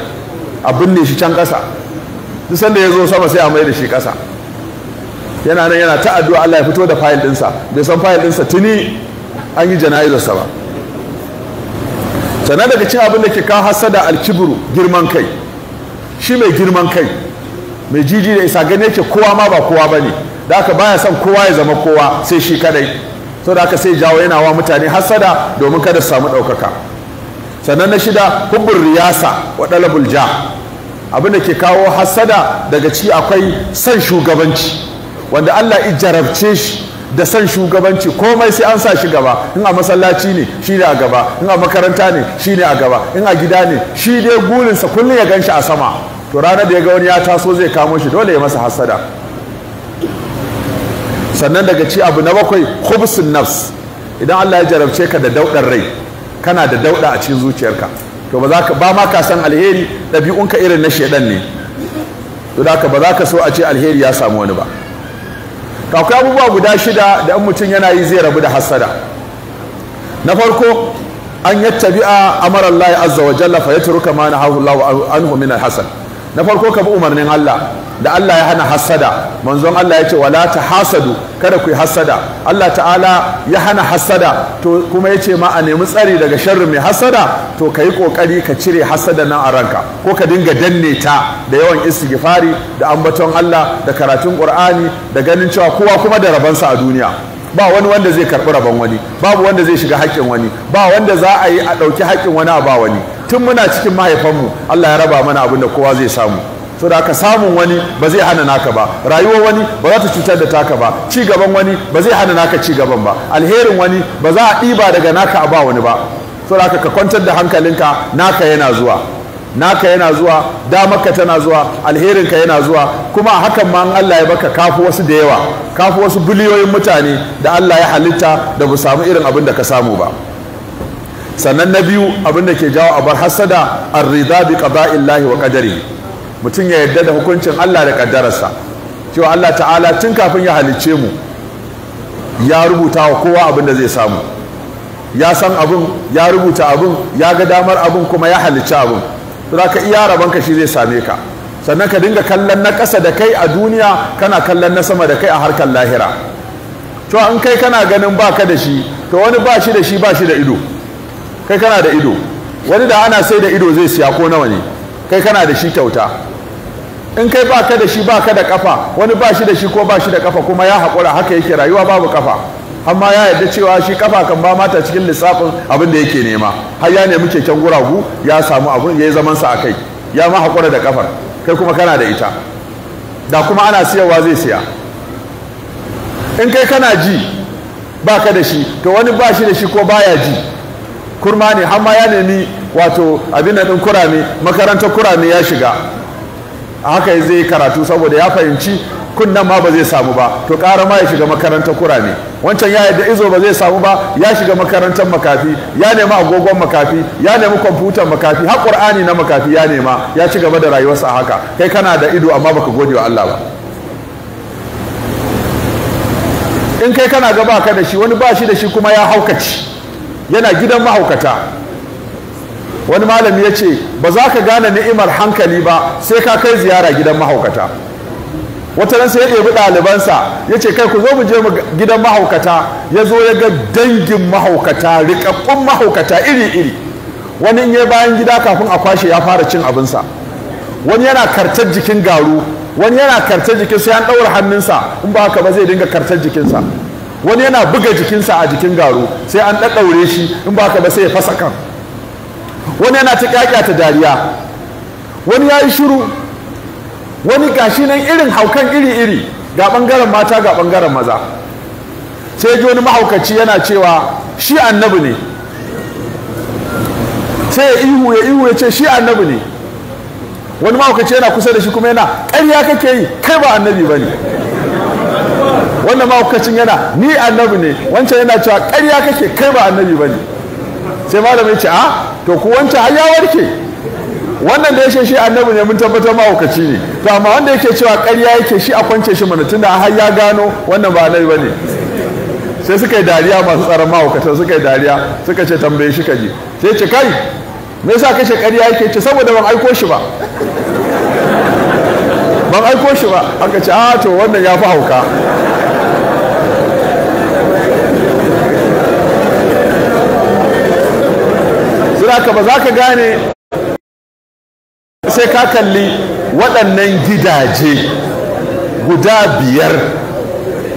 a binne shi can ƙasa duk sanda ya zo sama sai a mai da shi ƙasa yana nan yana ta addu'a Allah ya fito da fayil ɗinsa bai san fayil ɗinsa tuni an yi jana'izarsa ba sannan daga cikin abin da ke kawo hasada alkibru girman kai shi mai girman kai mai jiji da isa gane yake kowa ma ba kowa ba ne da aka baya son kowa ya zama kowa sai shi kadai sau da aka sai jawo yana wa mutane hasada domin kada su samu ɗaukaka sannan na shida hubbun riyasa wa ɗalabul ja abin da ke kawo hassada, daga ci akwai san shugabanci wanda Allah i jarabce shi da san shugabanci komai sai an sa shi gaba in a masallaci ne shi ne a gaba in a makaranta ne shi ne a gaba in a gida ne shi dai gulinsa kullum ya ganshi a sama to ranar da ya ga wani ya taso zai kamo shi dole ya masa hassada. sannan daga ci abu na bakwai Hubsun nafs idan Allah ya jarabce ka da daudar rai kana da dauda a cikin zuciyarka to ba za ka ba ma ka san alheri ɗabi'unka irin na shedan ne to da ba za ka so a ce alheri ya samu wani ba to akwai abubuwa guda shida da in mutum yana yi zai rabu da hasada na farko an yattabi'a amara Allah azza wa jalla fa yatruka ma nahahu Allah anhu min al na farko ka bi umarnin Allah da Allah ya hana hasada manzon Allah ya ce wala ta hasadu kada ku yi hasada Allah ta'ala ya hana hasada to kuma ya ce ma a nemi tsari daga sharri mai hasada to ka yi kokari ka cire hassada nan a ranka ko ka dinga danne ta da yawan istighfari da ambaton Allah da karatun Qur'ani da ganin cewa kowa kuma da rabansa a duniya ba wani wanda zai karbi rabon wani babu wanda zai shiga haƙƙin wani ba wanda za a yi a ɗauki haƙƙin wani a ba wani tun muna cikin mahaifanmu Allah ya raba mana abin da kowa zai samu so da aka samun wani ba zai hana naka ba rayuwar wani ba za ta cutar da taka ba ci gaban wani ba zai hana naka ci gaban ba alherin wani ba za a ɗiba daga naka a ba wani ba so da ka kwantar da hankalinka naka yana zuwa naka yana zuwa damarka tana zuwa alherinka yana zuwa kuma a hakan ma Allah ya baka kafu wasu da yawa kafu wasu biliyoyin mutane da Allah ya halitta da bu samu irin abin da ka samu ba sannan na biyu abin da ke jawo a bar hasada ar-ridha bi qada'illahi wa qadarihi mutum ya yarda da hukuncin Allah da kaddararsa cewa Allah ta'ala tun kafin ya halicce mu ya rubuta wa kowa abin da zai samu ya san abin ya rubuta abin ya ga damar abin kuma ya halice abin za ka iya ka shi zai same ka sannan ka dinga kallon na ƙasa da kai a duniya kana kallon na sama da kai a harkar lahira to an kai kana ganin baka da shi to wani ba shi da shi ba shi da ido kai kana da ido wani da ana sai da ido zai siya ko nawa ne kai kana da shi kyauta in kai ba ka da shi ba ka da kafa wani ba shi da shi ko ba shi da kafa kuma ya haƙura haka yake rayuwa babu kafa amma ya yarda cewa shi kafa kan ba mata cikin lissafin abin da yake nema har ya nemi keken guragu ya samu abin ya yi zaman sa a ya ma haƙura da kafar kai kuma kana da ita da kuma ana siyarwa zai siya in kai kana ji ba ka da shi to wani ba shi da shi ko baya ji kurma ne har ma ya nemi wato abin da ɗin kurame makarantar kurame ya shiga haka zai yi karatu saboda ya fahimci kunnan ma ba zai samu ba to ƙara ma ya shiga makarantar kurame wancan ya yadda izo ba zai samu ba ya shiga makarantar makafi ya nema agogon makafi ya nemi kwamfutan makafi har ƙur'ani na makafi ya nema ya ci gaba da rayuwarsa a haka kai kana da ido amma baka gode wa Allah ba in kai kana gaba ka da shi wani ba shi da shi kuma ya haukaci yana gidan mahaukata wani malami ya ce ba za ka gane ni'imar hankali ba sai ka kai ziyara gidan mahaukata wata sai ya ɗebi ɗalibansa ya ce kai ku zo mu je mu gidan mahaukata ya zo ya ga dangin mahaukata riƙaƙƙun mahaukata iri-iri wani ya bayan gida kafin a kwashe ya fara cin abinsa wani yana kartar jikin garu wani yana kartar jikin sai an ɗaura hannunsa in ba haka ba zai dinga kartar jikinsa wani yana buga jikinsa a jikin garo sai an ɗaɗɗaure shi in ba ka ba sai ya fasa kan wani yana ta ƙyaƙya ta dariya wani ya yi shiru wani gashi nan irin haukan iri-iri ga ɓangaren mata ga ɓangaren maza sai ji wani mahaukaci yana cewa shi annabi ne sai ya ihu ya ihu ya ce shi annabi ne wani mahaukaci yana kusa da shi kuma yana ƙarya kake yi kai ba annabi ba ne wannan mahaukacin yana ni annabi ne wancan yana cewa ƙarya kake kai ba annabi ba ne sai malam ya ce a ah, to ku wancan har ya warke wannan da ya shi annabi ne mun tabbatar mahaukaci ne to amma wanda yake cewa ƙarya yake shi a kwance shi mana tunda har ya gano wannan ba annabi ba ne sai suka yi dariya masu tsaron mahaukata suka yi dariya suka ce tambaye shi ka ji sai ce kai me yasa kashe ƙarya yake ce saboda ban aiko shi ba ban aiko shi ba aka ce a ah, to wannan ya fi hauka zaka ba za ka gane sai ka kalli waɗannan gidaje guda biyar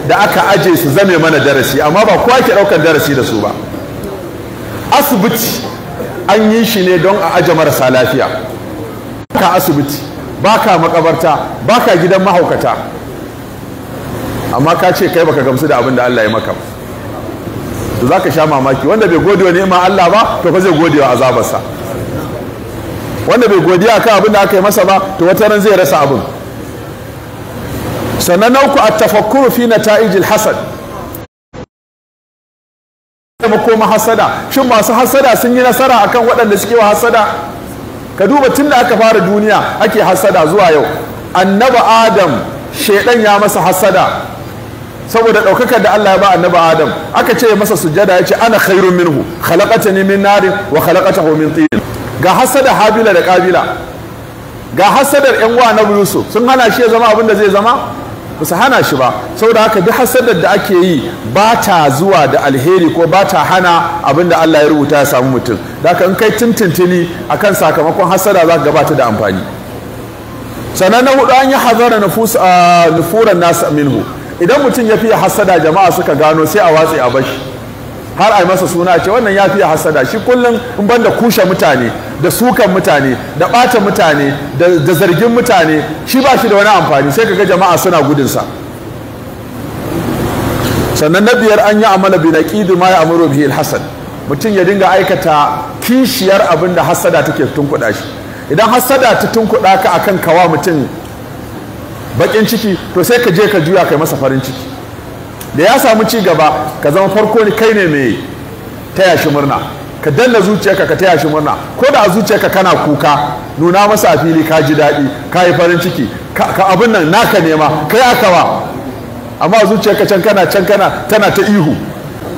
da aka aje su zame mana darasi amma ba kowa ke ɗaukar darasi da su ba asibiti an yi shi ne don a aje marasa lafiya ka asibiti baka makabarta baka gidan mahaukata amma ka ce kai baka gamsu da abin da Allah ya maka to zaka sha mamaki wanda bai gode wa ni'ima Allah ba to fa zai gode wa azabarsa wanda bai godiya kan abin da aka yi masa ba to wata ran zai rasa abin sannan na uku at-tafakkuru fi nata'ijil hasad koma hasada shin masu hasada sun yi nasara akan waɗanda suke wa hasada ka duba tun da aka fara duniya ake hasada zuwa yau annaba adam shaidan ya masa hasada saboda ɗaukakar da Allah ya ba annabi Adam aka ce masa sujada ya ce ana khairun minhu khalaqatani min narin wa khalaqatahu min tin ga hasada habila da kabila ga hasadar yan uwa Nabi Yusuf sun hana shi ya zama abin da zai zama ba su hana shi ba saboda haka duk hasadar da ake yi ba ta zuwa da alheri ko ba ta hana abin da Allah ya rubuta ya samu mutum da haka in kai tuntuntuni akan sakamakon hasada za ka gabata da amfani sannan na hudu an yi hazara nufuran nasa minhu idan mutum ya fiye hasada jama'a suka gano sai a watsi a bashi har a masa suna ce wannan ya fiye hasada shi kullum in da kushe mutane da sukan mutane da ɓata mutane da zargin mutane shi ba shi da wani amfani sai kaga jama'a suna gudunsa sannan na biyar an yi amala bi ƙidu ma ya'muru bihi hasad mutum ya dinga aikata kishiyar abin da hasada take tunkuɗa shi idan hasada ta tunkuɗa ka akan kawa mutum bakin ciki to sai ka je ka juya kai masa farin ciki da ya samu ci gaba ka zama farko ne kai ne mai taya shi murna ka danna zuciyarka ka taya shi murna ko da a zuciyarka kana kuka nuna masa a fili ka ji daɗi ka yi farin ciki ka abin nan naka nema kai aka ba amma zuciyarka can kana can kana tana ta ihu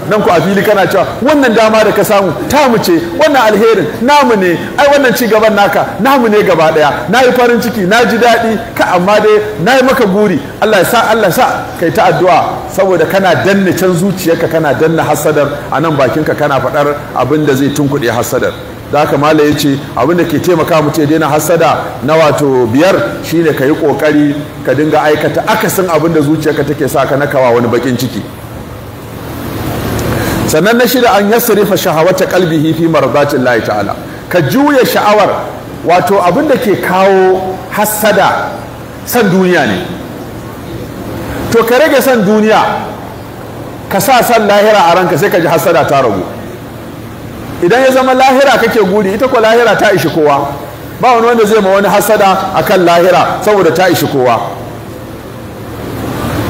nan ku a fili kana cewa wannan dama da ka samu tamu ce wannan alherin namu ne ai wannan ci gaban naka namu ne gaba daya na yi farin ciki na ji daɗi ka amma dai na yi maka guri Allah ya sa Allah sa kai ta addu'a saboda kana danna can zuciyarka kana danna hasadar a nan bakinka kana faɗar abin da zai tunkuɗe hasadar da haka mala ya ce abinda ke taimaka mu ce daina hasada na wato biyar shine ka yi kokari ka dinga aikata akasin abinda zuciyarka take sa ka nakawa wani bakin ciki sannan na shida an yasrifa shahawata qalbihi fi mardatin lahi ta'ala ka juya sha'awar wato abin da ke kawo hassada san duniya ne to ka rage san duniya ka sa san lahira a ranka sai ka ji hassada ta ragu idan ya zama lahira kake guri ita ko lahira ta ishi kowa ba wani wanda zai ma wani hassada akan lahira saboda ta ishi kowa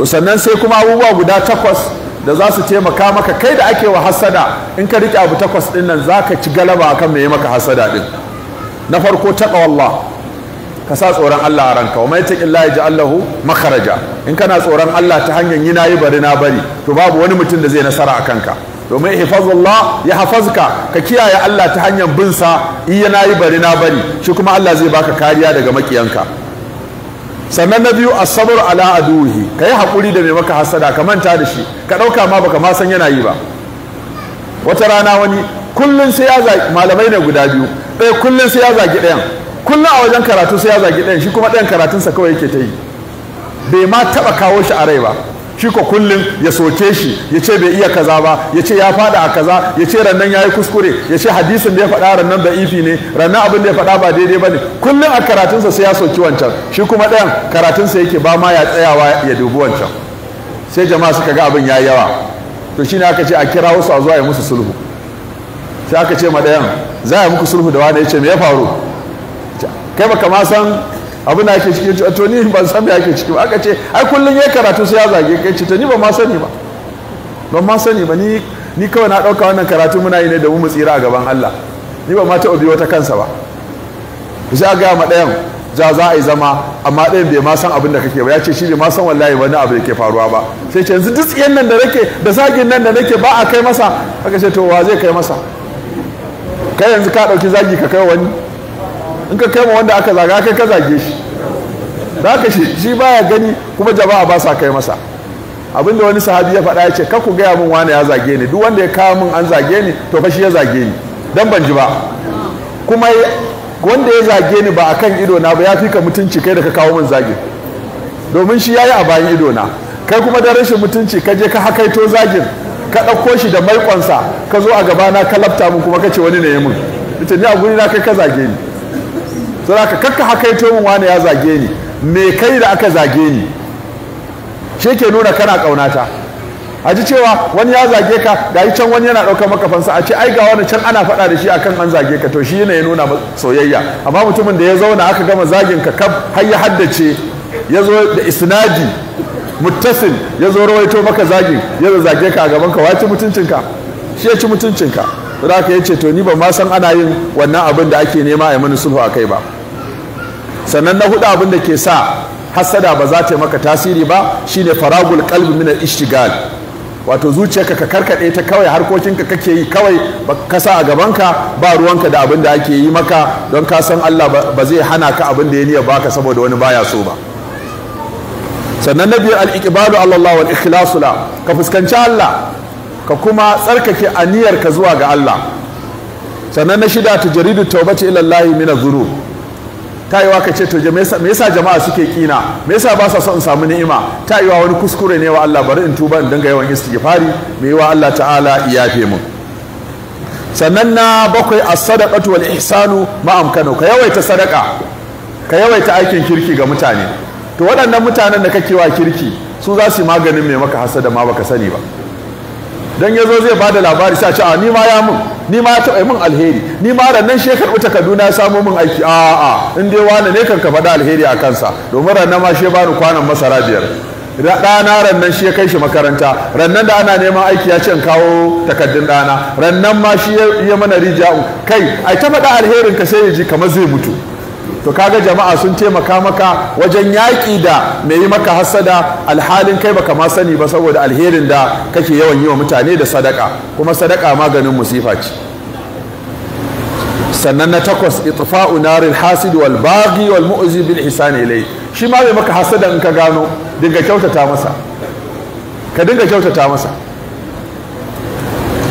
sannan sai kuma abubuwa guda takwas da za su taimaka maka kai da ake wa hasada in ka rike abu takwas ɗin nan za ka ci galaba akan mai maka hasada ɗin. na farko taɓa wallah ka sa tsoron Allah a ranka wa mai ya ji Allahu makaraja in kana tsoron Allah ta hanyar yi nayi bari na bari to babu wani mutum da zai nasara a kanka domin hifazullah ya hafazka ka kiyaye Allah ta hanyar binsa, sa iya nayi bari na bari shi kuma Allah zai baka kariya daga makiyanka sannan na biyu asabar ala aduhi ka yi haƙuri da mai maka hasada ka manta da shi ka ɗauka ma baka ma san yana yi ba wata rana wani kullum sai ya zagi malamai ne guda biyu ɗaya eh, kullum sai ya zagi ɗayan kullum a wajen karatu sai ya zagi ɗayan shi kuma ɗayan karatunsa kawai yake ta yi bai ma taɓa kawo shi a rai ba shi ko kullum ya soke shi ya ce bai iya kaza ba ya ce ya fada a kaza ya ce rannan ya yi kuskure ya ce hadisin da ya faɗa rannan da ifi ne rannan abin da ya faɗa ba daidai ba ne kullum a karatunsa sai ya soki wancan shi kuma ɗayan karatunsa yake ba ma ya tsayawa ya dubi wancan sai jama'a suka ga abin ya yawa to shine aka ce a kira wasu a zuwa ya musu sulhu sai aka ce ma dayan za a yi muku sulhu da wani ya ce me ya faru kai baka ma san abin da ake cikin a to ni ban san me ake ciki ba aka ce ai kullum ya karatu sai ya zage kai ce to ni ba ma sani ba ban ma sani ba ni ni kawai na ɗauka wannan karatu muna yi ne da mu mu tsira a gaban Allah ni ba ma taɓa biyo ta kansa ba a ga ma ɗayan za za a yi zama amma ɗayan bai ma san abin da kake ba ya ce shi bai ma san wallahi wani abu yake faruwa ba sai ce yanzu duk tsiyan nan da nake da zagin nan da nake ba a kai masa aka ce to wa zai kai masa kai yanzu ka ɗauki zagi ka kai wani in ka kai ma wanda aka zaga kai ka zage shi za ka shi shi baya gani kuma jama'a ba sa kai masa abinda wani sahabi ya faɗa ya ce ka ku gaya min wani ya zage ni duk wanda ya kawo min an zage ni to fa shi ya zage ni dan ban ji ba kuma wanda ya zage ni ba akan ido na ba ya fi ka mutunci kai da ka kawo min zage domin shi yayi a bayan ido na kai kuma da rashin mutunci ka je ka hakaito zagin ka ɗauko shi da maikonsa ka zo a gabana ka lafta min kuma ka ce wani ne ya mun ita ni a guri na kai ka zage ni to haka kakka hakaito min wani ya zage ni me kai da aka zage ni shi ke nuna kana ƙaunata a ji cewa wani ya zage ka ga yi can wani yana ɗaukar maka fansa a ce ai ga wani can ana faɗa da shi akan an zage ka to shi ne ya nuna soyayya amma mutumin da ya zauna aka gama zagin ka kab har ya haddace ya zo da isnadi muttasil ya zo rawaito maka zagin ya zage ka a gaban ka wace mutuncinka shi ya ci mutuncinka za ka yace to ni ba ma san ana yin wannan abin da ake nema a yi mini sulhu a kai ba sannan na hudu abin da ke sa hassada ba za ta yi maka tasiri ba shine faragul kalbi min al wato zuciyarka ka karkade ta kawai harkokinka kake yi kawai ka sa a gabanka ba ruwanka da abin da ake yi maka don ka san Allah ba zai hana ka abin da ya niyya baka saboda wani baya so ba sannan na biyu al-iqbalu Allah wal ikhlasu la ka fuskanci Allah ka kuma tsarkake aniyarka zuwa ga Allah sannan na shida tujridu tawbati ila Allah min az tayiwa ka ce to me yasa jama'a suke kina me yasa ba sa son in samu ni'ima tayiwa wani kuskure ne wa Allah bari in tuba in danga yawan istighfari me wa Allah ta'ala iyafe mu sannan na bakwai as-sadaqatu wal ihsanu ma amkanu ka yawaita sadaka ka yawaita aikin kirki ga mutane to waɗannan mutanen da kake wa kirki su za su maganin me maka hasada ma baka sani ba dan yazo zai bada labari sai a ce a ni ma ya mun ni ma taɓa min alheri ni ma rannan shi ya karɓi takaduna ya samo min aiki a'a in dai wani ne kan ka faɗa alheri a kansa domin rannan ma shi ya bani kwanan masara biyar ɗana rannan shi ya kai shi makaranta rannan da ana neman aiki ya ce in kawo takardun ɗana rannan ma shi ya mana rijiya kai ai ta faɗa alherin ka sai ya ji kamar zai mutu to kaga jama'a sun taimaka maka wajen yaƙi da mai yi maka hasada alhalin kai baka ma sani ba saboda alherin da kake yawan yi wa mutane da sadaka kuma sadaka maganin musifa ce sannan na takwas itfa'u narin hasid wal baghi wal mu'zi bil ihsan ilay shi ma mai maka hasada in ka gano dinga kyautata masa ka dinga kyautata masa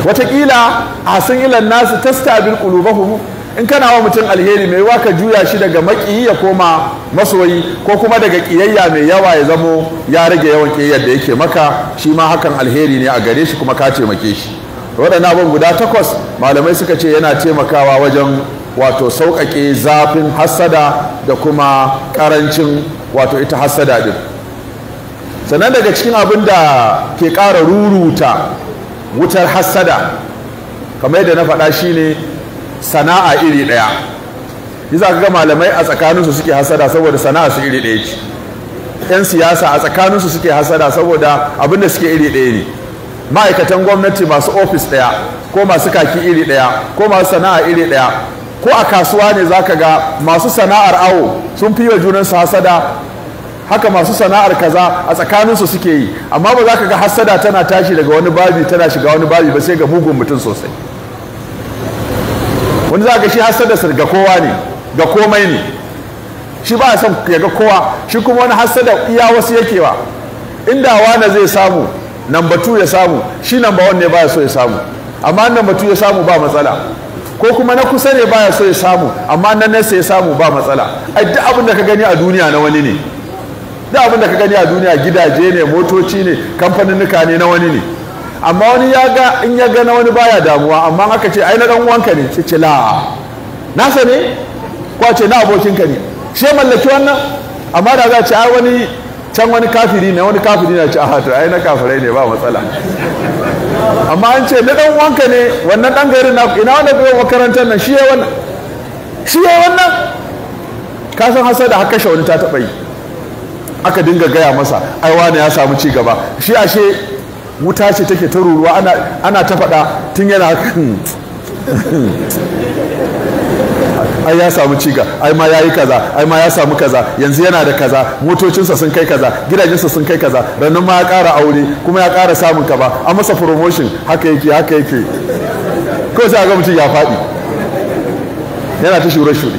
Wataƙila a sun ilan nasu ta bil qulubahum in kana wa mutum alheri mai waka juya shi daga makiyi ya koma masoyi ko kuma daga kiyayya mai yawa ya zamo ya rage yawan kiyayyar da yake maka shi ma hakan alheri ne a gare shi kuma ka taimake shi waɗannan abin guda takwas malamai suka ce yana taimakawa wajen wato sauƙaƙe zafin hassada da kuma ƙarancin wato ita hassada ɗin sannan daga cikin abin da ke ƙara ruruta wutar hassada kamar yadda na faɗa shi ne. sana'a iri ɗaya za ka ga malamai a tsakaninsu suke hasada saboda sana'a su iri ɗaya ce 'yan siyasa a tsakaninsu suke hasada saboda abin da suke iri ɗaya ne ma'aikatan gwamnati masu ofis ɗaya ko masu kaki iri ɗaya ko masu sana'a iri ɗaya ko a kasuwa ne za ka ga masu sana'ar awo sun fi wa junansu hasada haka masu sana'ar kaza a tsakaninsu suke yi amma ba za ka ga hasada tana tashi daga wani babi tana shiga wani babi ba sai ga mugun mutum sosai wani za ga shi hasadarsa ga kowa ne ga komai ne shi ba son ya ga kowa shi kuma wani hasada iya wasu yake ba inda wani zai samu namba ya samu shi namba wani ne ba ya so ya samu amma namba ya samu ba matsala ko kuma na kusa ne ba ya so ya samu amma na nesa ya samu ba matsala ai duk abin da ka gani a duniya na wani ne duk abin da ka gani a duniya gidaje ne motoci ne nuka ne na wani ne amma wani ya ga in ya gana wani baya damuwa amma aka ce ai na dan uwanka ne ce ce la na sani ko ce na abokinka ne she mallaki wannan amma da za a ce ai wani can wani kafiri ne wani kafiri na ce a to ai na kafirai ne ba matsala amma an ce na dan uwanka ne wannan dan garin na ina wanda ga makarantar nan shi ya wannan shi ya wannan ka san hasada haka shawani ta taba yi aka dinga gaya masa ai wani ya samu ci gaba shi ashe wuta ce take ta ruruwa ana ta faɗa tun yana *laughs* ai ya samu ciga ai ma ya yi kaza ai ma ya samu kaza yanzu yana da kaza motocinsa sun kai kaza gidajensa sun kai kaza rannan ma ya ƙara aure kuma ya ƙara samun ka ba an masa promotion haka yake haka yake ko sai ga mutum ya faɗi yana ta shure shure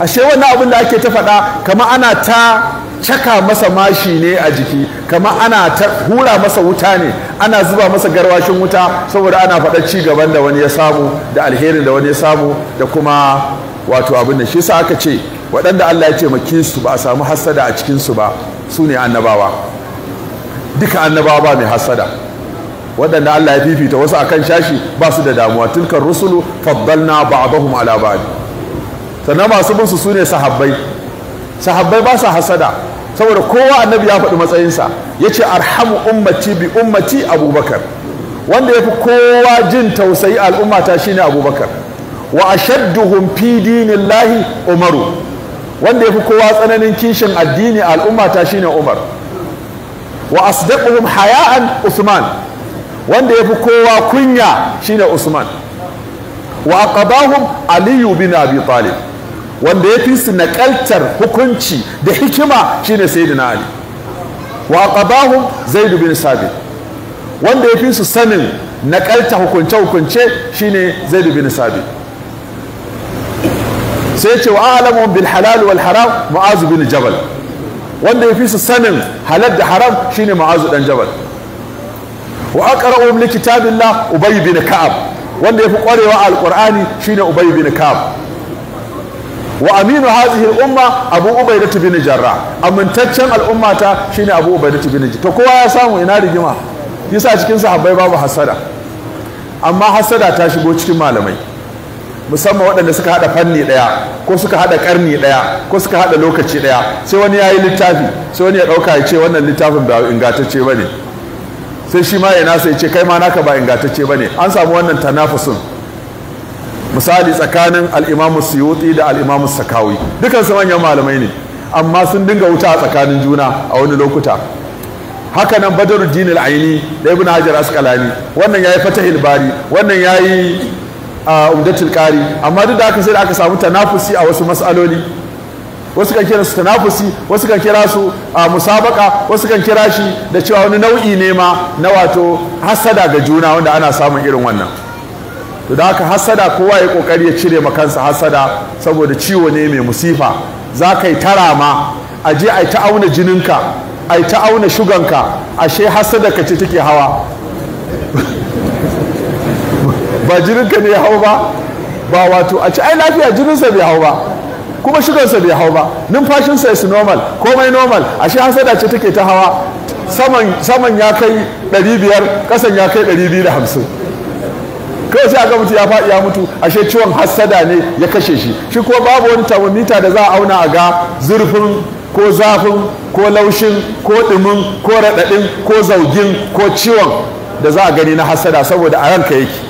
ashe wannan abin da ake ta faɗa kamar ana ta caka masa mashi ne a jiki Kama ana hura masa wuta ne ana zuba masa garwashin wuta saboda ana faɗa ci gaban da wani ya samu da alherin da wani ya samu da kuma wato abin da shi sa aka ce waɗanda Allah ya ce maki su ba a samu hasada a cikin su ba su ne annabawa duka annabawa ba mai hasada waɗanda Allah ya fifita wasu akan shashi ba su da damuwa tilkar rusulu ba ba'dahum ala ba'd sannan masu bin su sune sahabbai sahabbai ba su hasada saboda kowa annabi ya faɗi matsayinsa ya ce arhamu ummati bi ummati abubakar wanda ya fi kowa jin tausayi al'ummata shine abubakar wa ashadduhum fi dinillahi umaru wanda ya fi kowa tsananin kishin addini al'ummata shine umar wa asdaquhum haya'an usman wanda ya fi kowa kunya shine usman wa aqabahum aliyu bin abi talib wanda ya fi su naƙaltar hukunci da hikima shine sayyidina ali wa qabahum zaid bin sabit wanda ya fi su sanin naƙaltar hukunce hukunce shine zaid bin sabit sai ce wa alamun bil halal wal haram mu'azu bin jabal wanda ya fi su sanin halal da haram shine ma'azu dan jabal wa aqra'u li kitabillah ubay bin ka'ab wanda ya fi kwarewa alqur'ani shine ubay bin ka'ab wa aminu hadhihi al-umma abu ubaidah bin jarra amintaccen al'ummata shine abu ubaidah bin jarra to kowa ya samu ina rigima yasa cikin sahabbai babu hasada amma hasada ta shigo cikin malamai musamman waɗanda suka haɗa fanni ɗaya ko suka haɗa karni daya ko suka haɗa lokaci daya sai wani yayi littafi sai wani ya ɗauka ya ce wannan littafin ba ingantacce ba ne sai shi ma ya nasa ya ce kai ma naka ba ingantacce ba ne an samu wannan tanafusun misali tsakanin al'imamu suyuti da al'imamu sakawi dukansu manyan malamai ne amma sun dinga wuta a tsakanin juna a wani lokuta haka nan dini aini da ibn hajar asqalani wannan yayi fatahil bari wannan yayi umdatul qari amma duk da aka sai aka samu tanafusi a wasu mas'aloli wasu kan kira su tanafusi wasu kan kira su a musabaka wasu kan kira shi da cewa wani nau'i ne ma na wato hasada ga juna wanda ana samun irin wannan to da haka hasada kowa ya kokari ya cire ma kansa hasada saboda ciwo ne mai musifa za ka yi tara ma a je a yi ta auna jininka a yi ta auna shuganka ashe hasada ka ce take hawa *laughs* ba jininka ne ya hau ba ba wato a ce ai lafiya jininsa bai hau ba kuma shugansa bai hau ba numfashinsa su normal komai normal ashe hasada ce take ta hawa saman ya kai 500 kasan ya kai 250 kawai sai aka mutu ya faɗi ya mutu ashe ciwon hassada ne ya kashe shi shi ko babu wani thermometer da za a auna a ga zurfin ko zafin ko laushin ko ɗumin ko raɗaɗin ko zaugin ko ciwon da za a gani na hassada saboda a ranka yake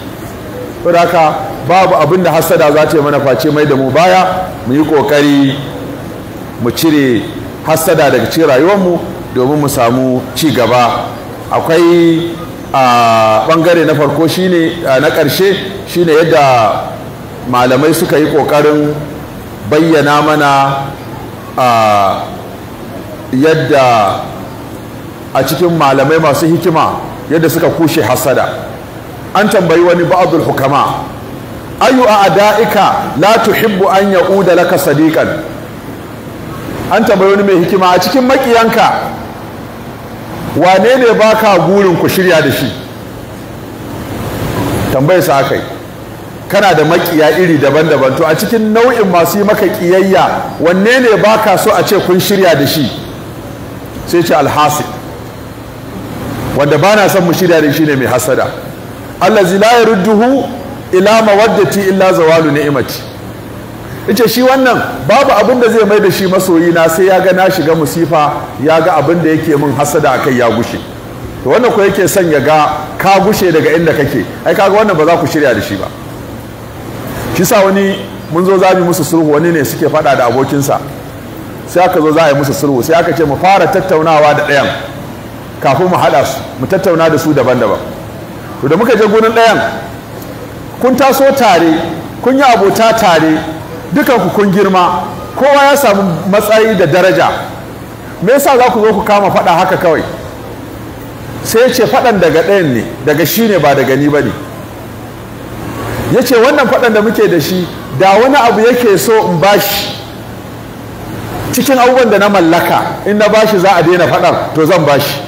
haka babu abin da hassada za ta yi mana face mai da mu baya mu yi ƙoƙari mu cire hassada daga cikin rayuwarmu domin mu samu ci gaba akwai a bangare na farko shine na ƙarshe shine yadda malamai suka yi ƙoƙarin bayyana mana a yadda a cikin malamai masu hikima yadda suka kushe hasada an tambayi wani ba'adul hukama ayu a ada'ika la tuhibbu an ya'uda laka sadiqan an tambayi wani mai hikima a cikin makiyanka wane ne ba ka burin ku shirya da shi tambayar sa aka kana da makiya iri daban-daban to a cikin nau'in masu yi maka kiyayya wanne ne ba ka so a ce kun shirya da shi sai ce alhasi wanda ba na son mu shirya da shi ne mai hasada allazi la yarudduhu ila mawaddati illa zawalu ni'mati ce shi wannan babu abin da zai mai da shi masoyi na sai ya ga na shiga musifa ya ga abin da yake min hasada akai ya gushe to wannan ko yake son ya ga ka gushe daga inda kake ai kaga wannan ba za ku shirya da shi ba shi sa wani mun zo za mu musu sulhu wani ne suke fada da abokinsa sai aka zo za a yi musu sulhu sai aka ce mu fara tattaunawa da ɗayan kafin mu haɗa su mu tattauna da su daban-daban to da muka je gurin ɗayan kun taso tare kun yi abota tare dukan ku kun girma kowa ya samu matsayi da daraja me yasa za ku zo ku kama faɗa haka kawai sai ya ce faɗan daga ɗayan ne daga shi ne ba daga ni ba ne ya ce wannan faɗan da muke da shi da wani abu yake so in bashi cikin abubuwan da na mallaka in na bashi za a daina fadar to zan ba shi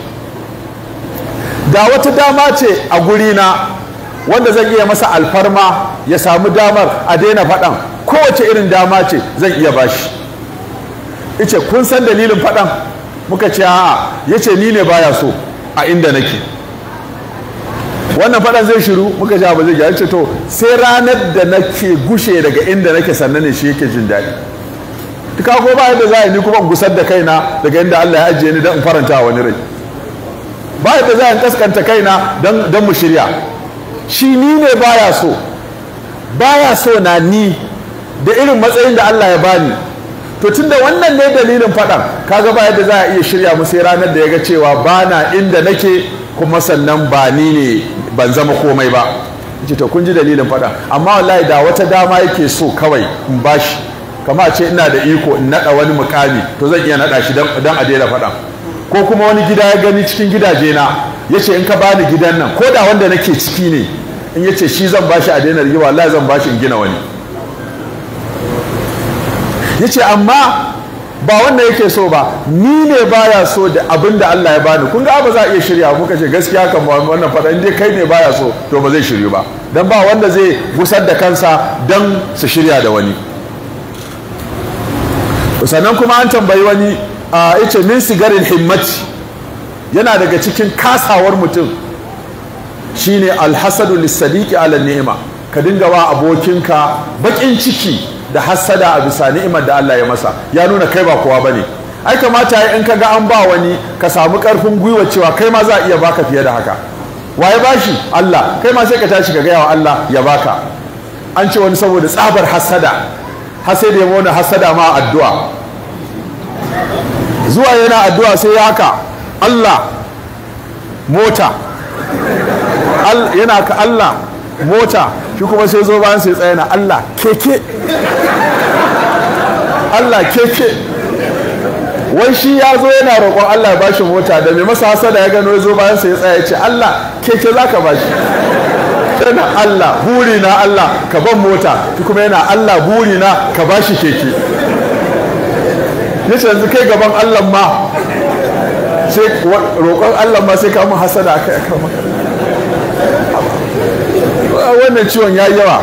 da wata dama ce a gurina wanda zan iya masa alfarma ya samu damar a daina faɗan kowace irin dama ce zan iya bashi ice kun san dalilin faɗan muka ce a'a yace ni ne baya so a inda nake wannan faɗan zai shiru muka ce ba zai gyara ce to sai ranar da nake gushe daga inda nake sannan ne shi yake jin daɗi duka ko ba yadda za a yi ni kuma gusar da kaina daga inda Allah ya ajiye ni don in faranta wani rai ba yadda za a kaskanta kaina don mu shirya shi ni ne baya so baya so na ni da irin matsayin da Allah ya bani to tunda wannan ne dalilin faɗan kaga ba yadda za a iya shirya mu sai ranar da ya ga cewa ba na inda nake kuma sannan ba ni ne ban zama komai ba ce to kun ji dalilin faɗan amma wallahi da wata dama yake so kawai in bashi kama a ce ina da iko in naɗa wani mukami to zan iya naɗa shi don a daina faɗan ko kuma wani gida ya gani cikin gidaje na ya ce in ka bani gidan nan ko da wanda nake ciki ne in ya ce shi zan bashi a daina rigima wallahi zan bashi in gina wani ya ce amma ba wanda yake so ba ni ne baya so da abin da Allah ya bani kun ga ba za a iya shirya muka ce gaskiya kan wannan fada in dai kai ne baya so to ba zai shirya ba dan ba wanda zai gusar da kansa dan su shirya da wani sannan kuma an tambayi wani a yace min sigarin himmati yana daga cikin kasawar mutum shine alhasadu lissadiki ala ni'ima ka dinga wa abokinka bakin ciki da hassada a bisa ni'imar da Allah ya masa ya nuna kai ba kowa bane ai kamata ya in ka ga an ba wani ka samu karfin gwiwa cewa kai ma za a iya baka fiye da haka Wa waye bashi Allah kai ma sai ka tashi ka gaya wa Allah ya baka an ce wani saboda tsabar hasada hasai da ya mona hassada ma addu'a zuwa yana addu'a sai ya haka Allah mota yana ka Allah mota shi kuma sai zo bayan sai tsaye na Allah keke Allah keke wai shi ya zo yana roƙon Allah ya bashi mota da mai masa hasada ya gano ya zo bayan sai tsaye ce Allah keke za ba bashi yana Allah buri na Allah ka ban mota shi kuma yana Allah buri na ka bashi keke yace yanzu kai gaban Allah ma sai roƙon Allah ma sai kama hasada aka kama wannan ciwon ya yawa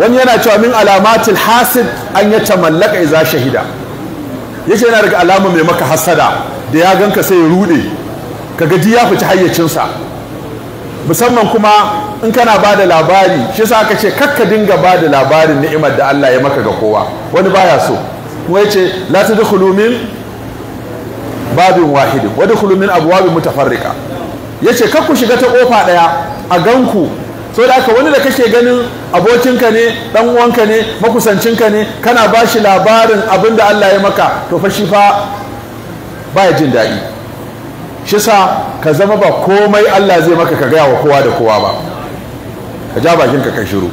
wani yana cewa min alamatin hasid an ya mallaka iza shahida yace yana daga alama mai maka hasada da ya ganka sai ya rude ka gaji ya fita hayyacinsa musamman kuma in kana ba da labari shi sa aka ce kakka dinga ba da labarin ni'imar da Allah ya maka ga kowa wani baya so kuma yace la tadkhulu min babin wahidin wa dkhulu min abwabin mutafarriqa yace kar ku shiga ta kofa daya a ganku so da aka wani da kake ganin abokinka ne dan uwanka ne makusancinka ne kana bashi labarin abin da Allah ya maka to fa shi fa baya jin daɗi shi sa ka zama ba komai Allah zai maka ka gaya wa kowa da kowa ba ka ja bakin ka shiru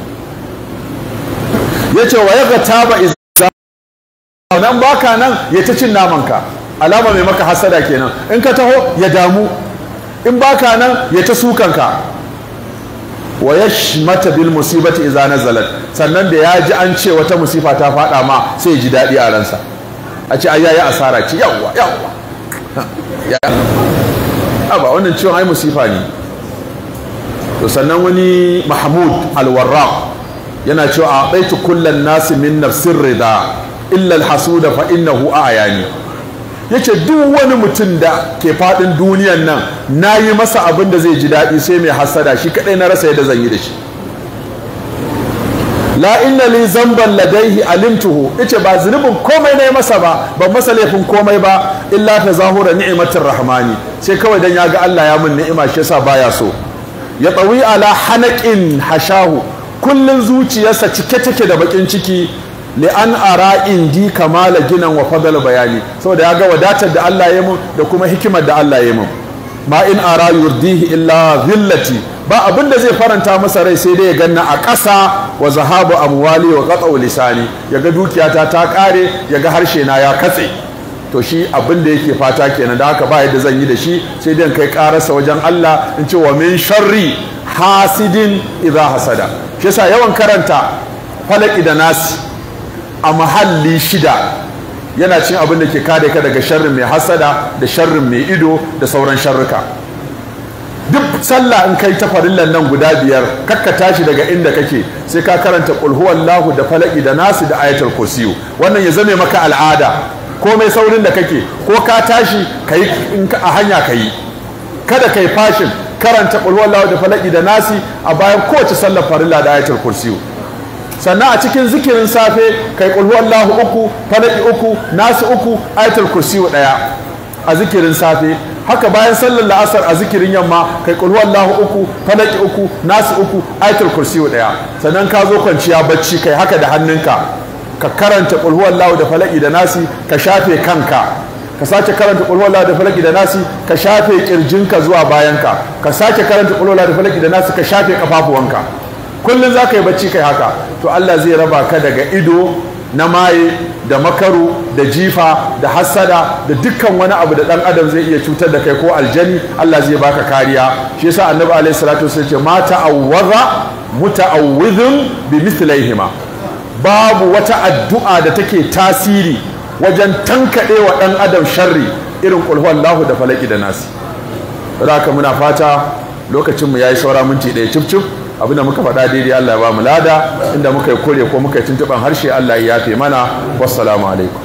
yace wa yaga taba izza nan baka nan ya ta cin naman ka alama mai maka hasada kenan in ka taho ya damu in baka nan ya ta sukan ka wa yashmata bil musibati idza nazalat sannan da ya ji an ce wata musifa ta fada ma sai ya ji dadi a ransa a ce yayi asara ci yawwa yawwa *laughs* ba wannan ciwon ai musifa ne to sannan wani mahmud alwarra yana cewa a baitu kullan nasi min nafsir rida illal hasuda fa innahu ayani yace duk wani mutum da ke faɗin duniyan nan nayi masa abin da zai ji daɗi sai mai hasada shi kaɗai na rasa yadda zan yi da shi la inna li zamban ladaihi alimtuhu ice ba zunubin komai na masa ba ban masa laifin komai ba illa ta zahura ni'imatin rahmani sai kawai dan ya ga Allah ya mun ni'ima shi yasa baya so ya tawi ala hanakin hashahu kullun zuciyarsa cike cike da bakin ciki li an ara indi kamala ginan wa fadal bayani saboda ya ga wadatar da Allah ya mun da kuma hikimar da Allah ya mun ma in ara yurdihi illa zillati ba abin da zai faranta masa rai sai dai ya ganna a ƙasa wa zahabu amwali wa qat'u lisani ya ga dukiyata ta ƙare ya ga harshe na ya katse to shi abin da yake fata kenan da haka ba yadda zan yi da shi sai dai kai ƙararsa wajen Allah in ce wa min sharri hasidin idza hasada shi yasa yawan karanta falaki da nasi a mahalli shida yana cin abin da ke kare ka daga sharrin mai hasada da sharrin mai ido da sauran sharruka duk sallah in kai ta farillan nan guda biyar kakka tashi daga inda kake sai ka karanta qul huwallahu da falaki da nasu da ayatul kursiyu wannan ya zame maka al'ada komai saurin da kake ko ka tashi kai in a hanya kayi kada kai fashin karanta qul huwallahu da falaki da nasi a bayan kowace sallar farilla da ayatul kursiyu sannan a cikin zikirin safe kai qul huwallahu uku falaki uku nasu uku ayatul kursiyu ɗaya a zikirin safe haka bayan sallar la'asar a zikirin yamma kai kulhu Allahu uku falaki uku nasu uku ayatul kursi daya sannan ka zo kwanciya bacci kai haka da hannunka ka karanta kulhu Allahu da falaki da nasi ka shafe kanka ka sake karanta kulhu Allahu da falaki da nasi ka shafe kirjinka zuwa bayanka ka sake karanta kulhu Allahu da falaki da nasi ka shafe kafafuwanka kullum za ka yi bacci kai haka to Allah zai raba ka daga ido na maye da makaru da jifa da hassada da dukkan wani abu da dan adam zai iya cutar da kai ko aljani Allah zai baka kariya shi yasa annabi alaihi salatu wasallam ce mata awwaza muta'awwidhun bi mithlaihima babu wata addu'a da take tasiri wajen tankade wa dan adam sharri irin qul huwallahu da falaki da nasi haka muna fata lokacin mu yayi saura minti daya cif cif abinda muka faɗa daidai Allah ya ba mu lada inda muka yi kore ko muka yi tuntuɓan harshe Allah ya yafe mana wassalamu alaikum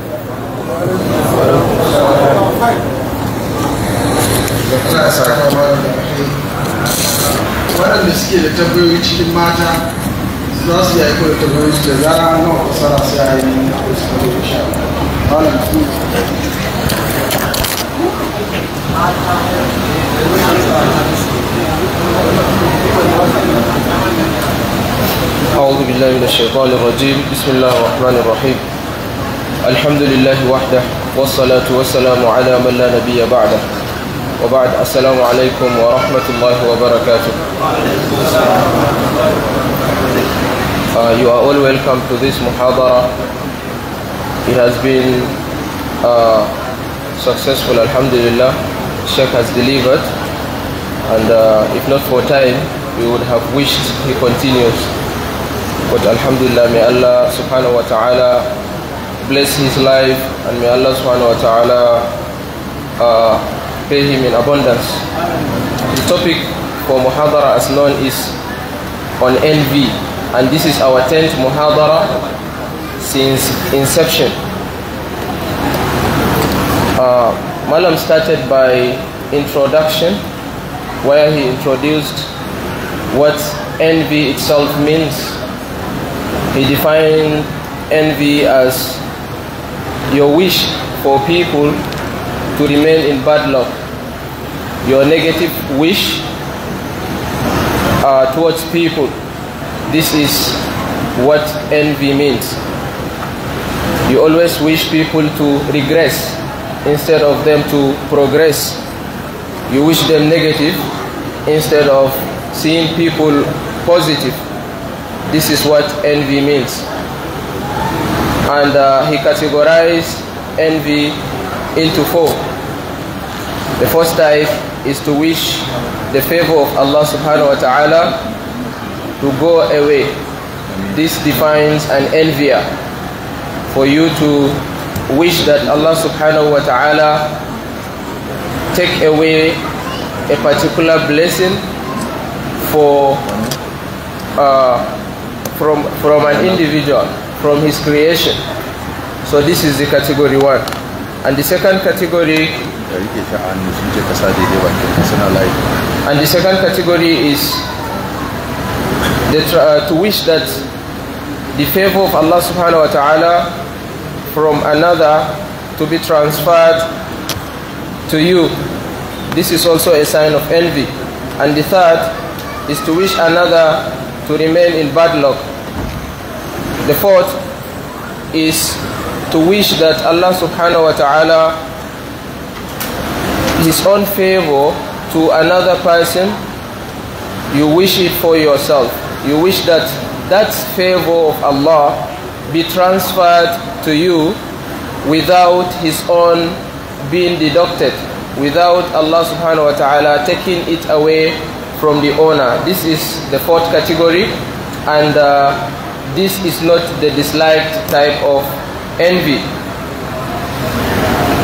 waɗanda suke da tabbayoyi cikin mata za su yi aiko da tabbayoyi da zara na wasara su yayi ne a kusurwa da sha Thank you. أعوذ بالله من الشيطان الرجيم بسم الله الرحمن الرحيم الحمد لله وحده والصلاة والسلام على من لا نبي بعده وبعد السلام عليكم ورحمة الله وبركاته uh, You are all welcome to this محاضرة It has been uh, successful لله Sheikh has delivered and uh, if not for time we would have wished he continues. But Alhamdulillah, may Allah subhanahu wa ta'ala bless his life and may Allah subhanahu wa ta'ala uh, pay him in abundance. The topic for muhadara as known is on envy and this is our 10th muhadara since inception. Uh, Malam started by introduction where he introduced what envy itself means. He defined envy as your wish for people to remain in bad luck, your negative wish uh, towards people. This is what envy means. You always wish people to regress instead of them to progress. You wish them negative instead of seeing people positive. This is what envy means. And uh, he categorized envy into four. The first type is to wish the favor of Allah subhanahu wa ta'ala to go away. This defines an envier for you to wish that Allah subhanahu wa ta'ala take away a particular blessing for uh, from from an individual from his creation so this is the category one and the second category and the second category is the, uh, to wish that the favor of Allah subhanahu wa ta'ala from another to be transferred to you this is also a sign of envy and the third is to wish another to remain in bad luck. The fourth is to wish that Allah subhanahu wa ta'ala his own favor to another person, you wish it for yourself. You wish that that favor of Allah be transferred to you without his own being deducted, without Allah subhanahu wa ta'ala taking it away from the owner. This is the fourth category and uh, this is not the disliked type of envy.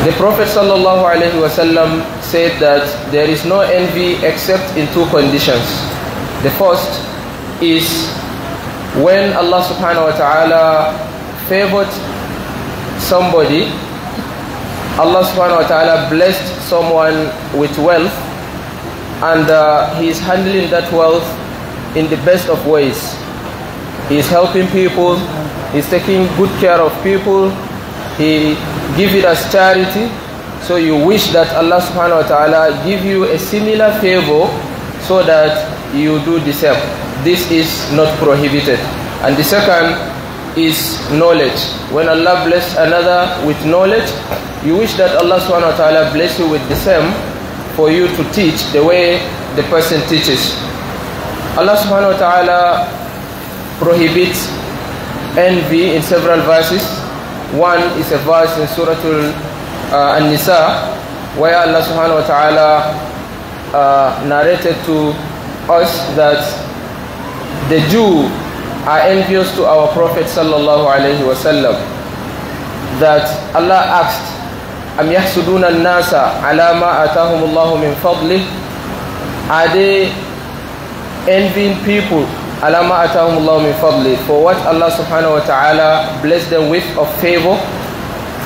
The Prophet ﷺ said that there is no envy except in two conditions. The first is when Allah subhanahu wa ta'ala favored somebody, Allah subhanahu wa ta'ala blessed someone with wealth and uh, he is handling that wealth in the best of ways. He is helping people, he's taking good care of people, he give it as charity. So you wish that Allah subhanahu wa ta'ala give you a similar favor so that you do the same. This is not prohibited. And the second is knowledge. When Allah bless another with knowledge, you wish that Allah subhanahu wa ta'ala bless you with the same for you to teach the way the person teaches. Allah subhanahu wa ta'ala prohibits envy in several verses. One is a verse in Surah uh, An-Nisa where Allah subhanahu wa ta'ala uh, narrated to us that the Jew are envious to our Prophet sallallahu alaihi wasallam that Allah asked am yahsuduna an-nasa ala ma atahum Allah min fadlih are they envying people ala ma atahum Allah min fadlih for what Allah subhanahu wa ta'ala blessed them with of favor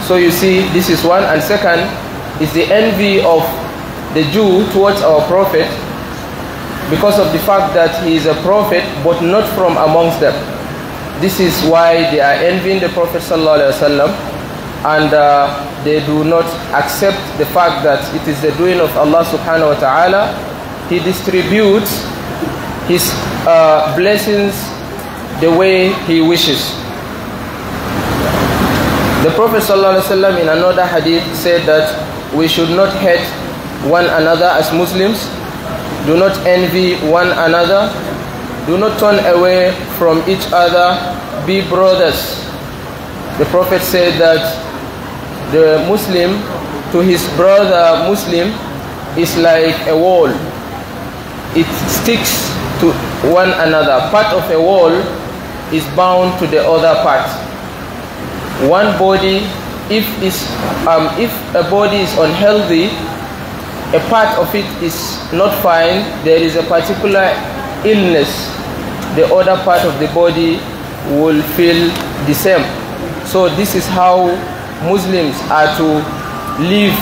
so you see this is one and second is the envy of the Jew towards our prophet because of the fact that he is a prophet but not from amongst them this is why they are envying the prophet sallallahu alaihi wasallam and uh, they do not accept the fact that it is the doing of Allah subhanahu wa ta'ala. He distributes His uh, blessings the way He wishes. The Prophet sallallahu in another hadith said that we should not hate one another as Muslims. Do not envy one another. Do not turn away from each other. Be brothers. The Prophet said that the Muslim to his brother Muslim is like a wall. It sticks to one another. Part of a wall is bound to the other part. One body, if, is, um, if a body is unhealthy, a part of it is not fine, there is a particular illness, the other part of the body will feel the same. So this is how Muslims are to live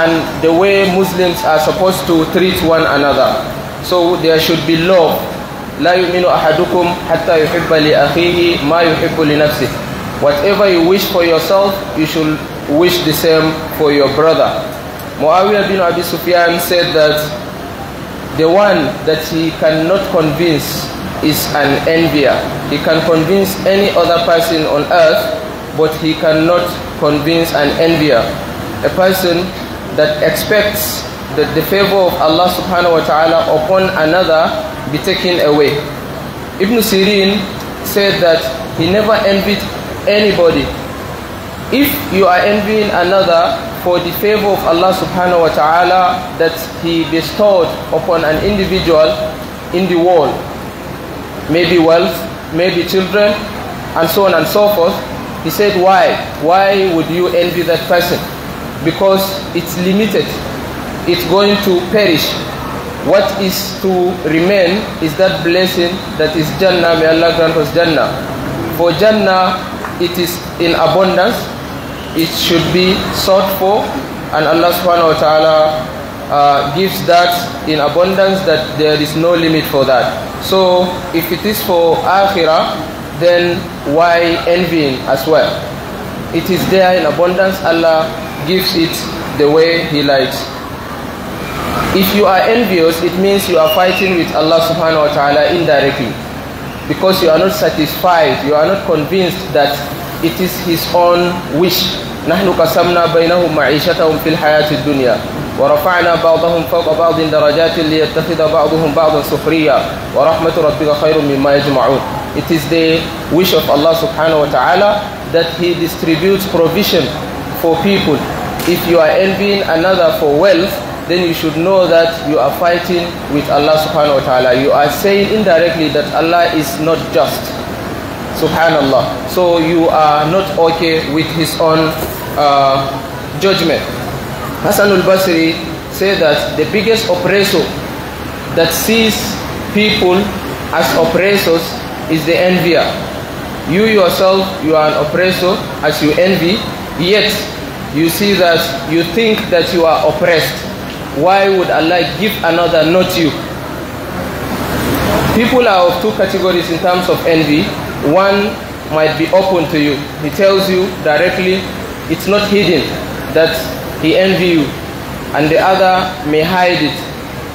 and the way Muslims are supposed to treat one another. So there should be love. لا يؤمن أحدكم حتى يحب لأخيه ما يحب لنفسه. Whatever you wish for yourself, you should wish the same for your brother. Muawiyah bin Abi Sufyan said that the one that he cannot convince is an envier. He can convince any other person on earth but he cannot convince an envier, a person that expects that the favor of Allah subhanahu wa ta'ala upon another be taken away. Ibn Sirin said that he never envied anybody. If you are envying another for the favor of Allah subhanahu wa ta'ala that he bestowed upon an individual in the world, maybe wealth, maybe children, and so on and so forth, he said, Why? Why would you envy that person? Because it's limited, it's going to perish. What is to remain is that blessing that is Jannah. May Allah grant us Jannah. For Jannah, it is in abundance, it should be sought for, and Allah subhanahu wa ta'ala uh, gives that in abundance that there is no limit for that. So if it is for Akhirah, then why envying as well? It is there in abundance. Allah gives it the way He likes. If you are envious, it means you are fighting with Allah subhanahu wa ta'ala indirectly because you are not satisfied, you are not convinced that it is His own wish. نحن قسمنا بينهم معيشتهم في الحياة الدنيا ورفعنا بعضهم فوق بعض درجات ليتخذ بعضهم بعضا سخريا ورحمة ربك خير مما يجمعون it is the wish of Allah subhanahu wa ta'ala that He distributes provision for people. If you are envying another for wealth, then you should know that you are fighting with Allah subhanahu wa ta'ala. You are saying indirectly that Allah is not just. Subhanallah. So you are not okay with his own uh, judgment. Hassan al-Basri said that the biggest oppressor that sees people as oppressors is the envier. You yourself, you are an oppressor as you envy, yet you see that you think that you are oppressed. Why would Allah give another, not you? People are of two categories in terms of envy. One might be open to you. He tells you directly, it's not hidden that he envy you. And the other may hide it.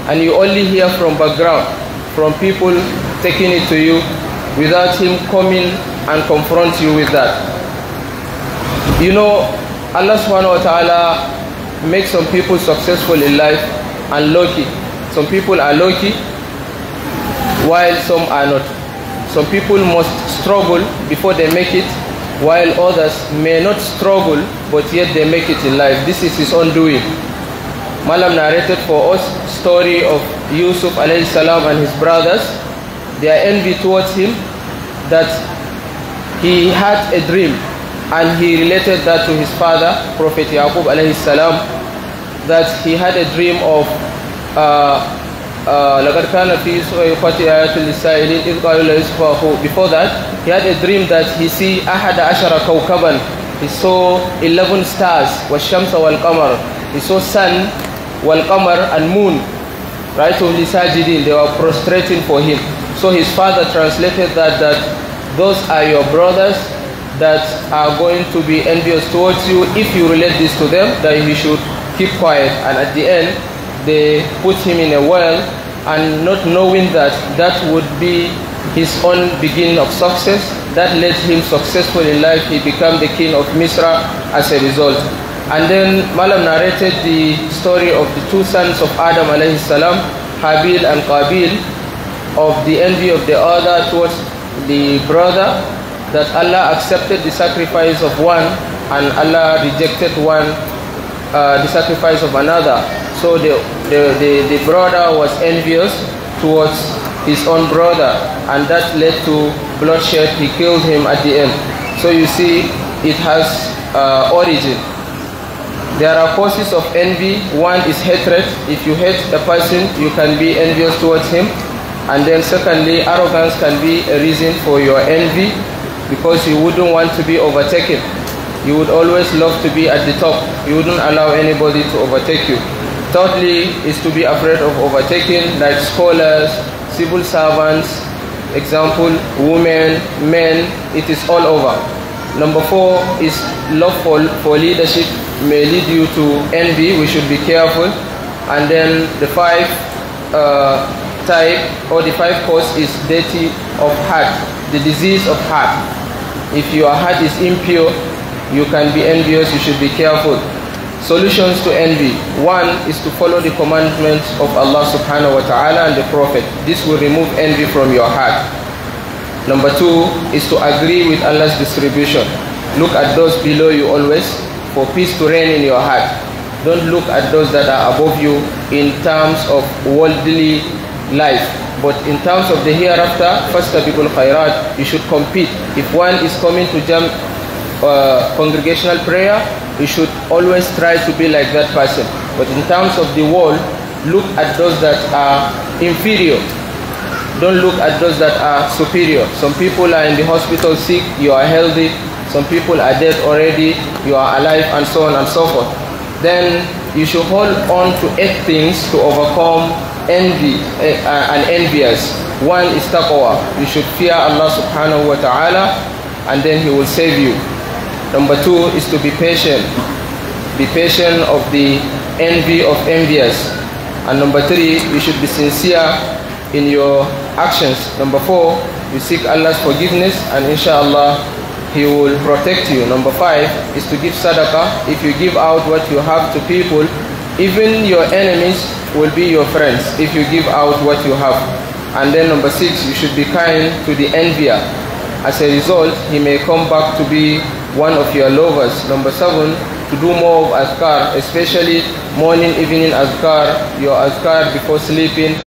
And you only hear from background, from people taking it to you without him coming and confront you with that. You know, Allah subhanahu wa ta'ala makes some people successful in life and lucky. Some people are lucky while some are not. Some people must struggle before they make it while others may not struggle but yet they make it in life. This is his own doing. Malam narrated for us story of Yusuf alayhi salam and his brothers their envy towards him that he had a dream and he related that to his father prophet yaqub alayhi salam that he had a dream of uh, uh, لقد كان في صحيفة آيات للسائلين before that he had a dream that he see أحد ashara kawkaban. he saw 11 stars al والقمر he saw sun والقمر and moon right on the sajidin they were prostrating for him so his father translated that, that those are your brothers that are going to be envious towards you if you relate this to them, that you should keep quiet. And at the end, they put him in a well and not knowing that that would be his own beginning of success, that led him successful in life. He became the king of Misra as a result. And then Malam narrated the story of the two sons of Adam alayhi salam, Habil and Qabil, of the envy of the other towards the brother, that Allah accepted the sacrifice of one and Allah rejected one, uh, the sacrifice of another. So the, the, the, the brother was envious towards his own brother and that led to bloodshed. He killed him at the end. So you see, it has uh, origin. There are causes of envy. One is hatred. If you hate a person, you can be envious towards him. And then secondly, arrogance can be a reason for your envy because you wouldn't want to be overtaken. You would always love to be at the top. You wouldn't allow anybody to overtake you. Thirdly is to be afraid of overtaking like scholars, civil servants, example, women, men, it is all over. Number four is love for, for leadership may lead you to envy. We should be careful. And then the five, uh, type or the five cause is dirty of heart, the disease of heart. If your heart is impure, you can be envious, you should be careful. Solutions to envy. One is to follow the commandments of Allah subhanahu wa ta'ala and the Prophet. This will remove envy from your heart. Number two is to agree with Allah's distribution. Look at those below you always for peace to reign in your heart. Don't look at those that are above you in terms of worldly life. But in terms of the hereafter, first people khairat, you should compete. If one is coming to jam uh, congregational prayer, you should always try to be like that person. But in terms of the world, look at those that are inferior. Don't look at those that are superior. Some people are in the hospital sick, you are healthy. Some people are dead already, you are alive, and so on and so forth. Then you should hold on to eight things to overcome envy uh, and envious. One is taqwa. You should fear Allah subhanahu wa ta'ala and then He will save you. Number two is to be patient. Be patient of the envy of envious. And number three, you should be sincere in your actions. Number four, you seek Allah's forgiveness and inshallah He will protect you. Number five is to give sadaqah. If you give out what you have to people, even your enemies will be your friends if you give out what you have. And then number six, you should be kind to the envier. As a result, he may come back to be one of your lovers. Number seven, to do more of azkar, especially morning, evening azkar, your azkar before sleeping.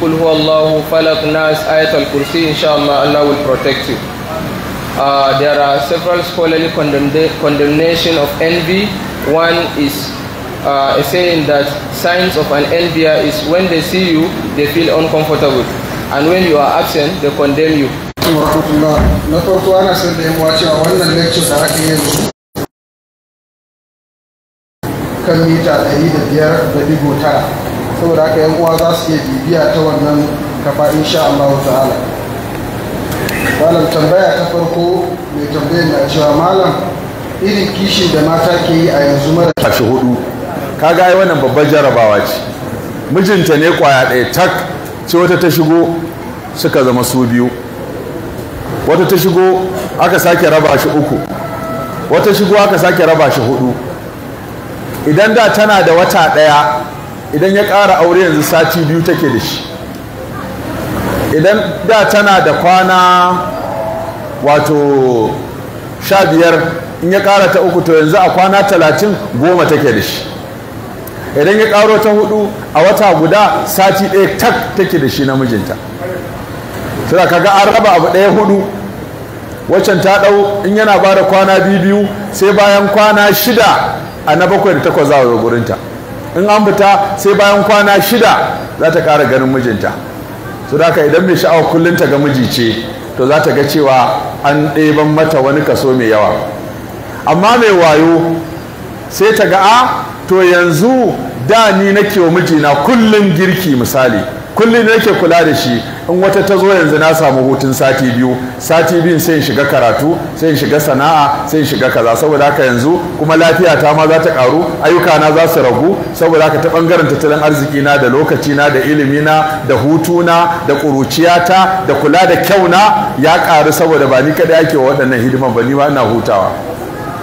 inshallah Allah will protect you. Uh, there are several scholarly condemnation of envy one is uh, saying that signs of an envier is when they see you, they feel uncomfortable. And when you are absent, they condemn you. kan mita ɗari da biyar da digo tara saboda haka yan uwa za su iya bibiya ta wannan kafa insha Allah ta'ala. Malam tambaya ta farko mai tambayar na cewa malam irin kishin da mata ke yi a yanzu mara tashi hudu kaga ai wannan babbar jarabawa ce mijinta ne kwaya ɗaya tak ce wata ta shigo suka zama su biyu wata ta shigo aka sake raba shi uku wata shigo aka sake raba shi hudu idan da tana da wata ɗaya idan ya ƙara aure yanzu sati biyu take da shi idan da tana da kwana wato sha biyar in ya ƙara ta uku to yanzu a kwana talatin goma take da shi idan ya ƙaro ta hudu a wata guda sati ɗaya tak take da shi na namijinta sai kaga an raba abu ɗaya hudu waccan ta ɗau in yana ba da kwana biyu biyu sai bayan kwana shida a na bakwai da takwas za gurinta in an fita sai bayan kwana shida za ta ƙara ganin mijinta su da ka idan mai sha'awar kullum ta ga miji ce to za ta ga cewa an ɗeban mata wani kaso mai yawa amma mai wayo sai ta ga a to yanzu da ni nake wa mijina kullum girki misali kullum nake kula da shi in wata ta zo yanzu na samu hutun sati biyu sati biyun sai in shiga karatu sai in shiga sana'a sai in shiga kaza saboda haka yanzu kuma lafiya ta ma za ta karu ayyuka na za su ragu saboda haka ta bangaren tattalin arziki na da lokaci na da ilimi na da hutu na da kuruciyata da kula da kyau na ya karu saboda ba ni kada ake wa waɗannan hidima ba ni ma ina hutawa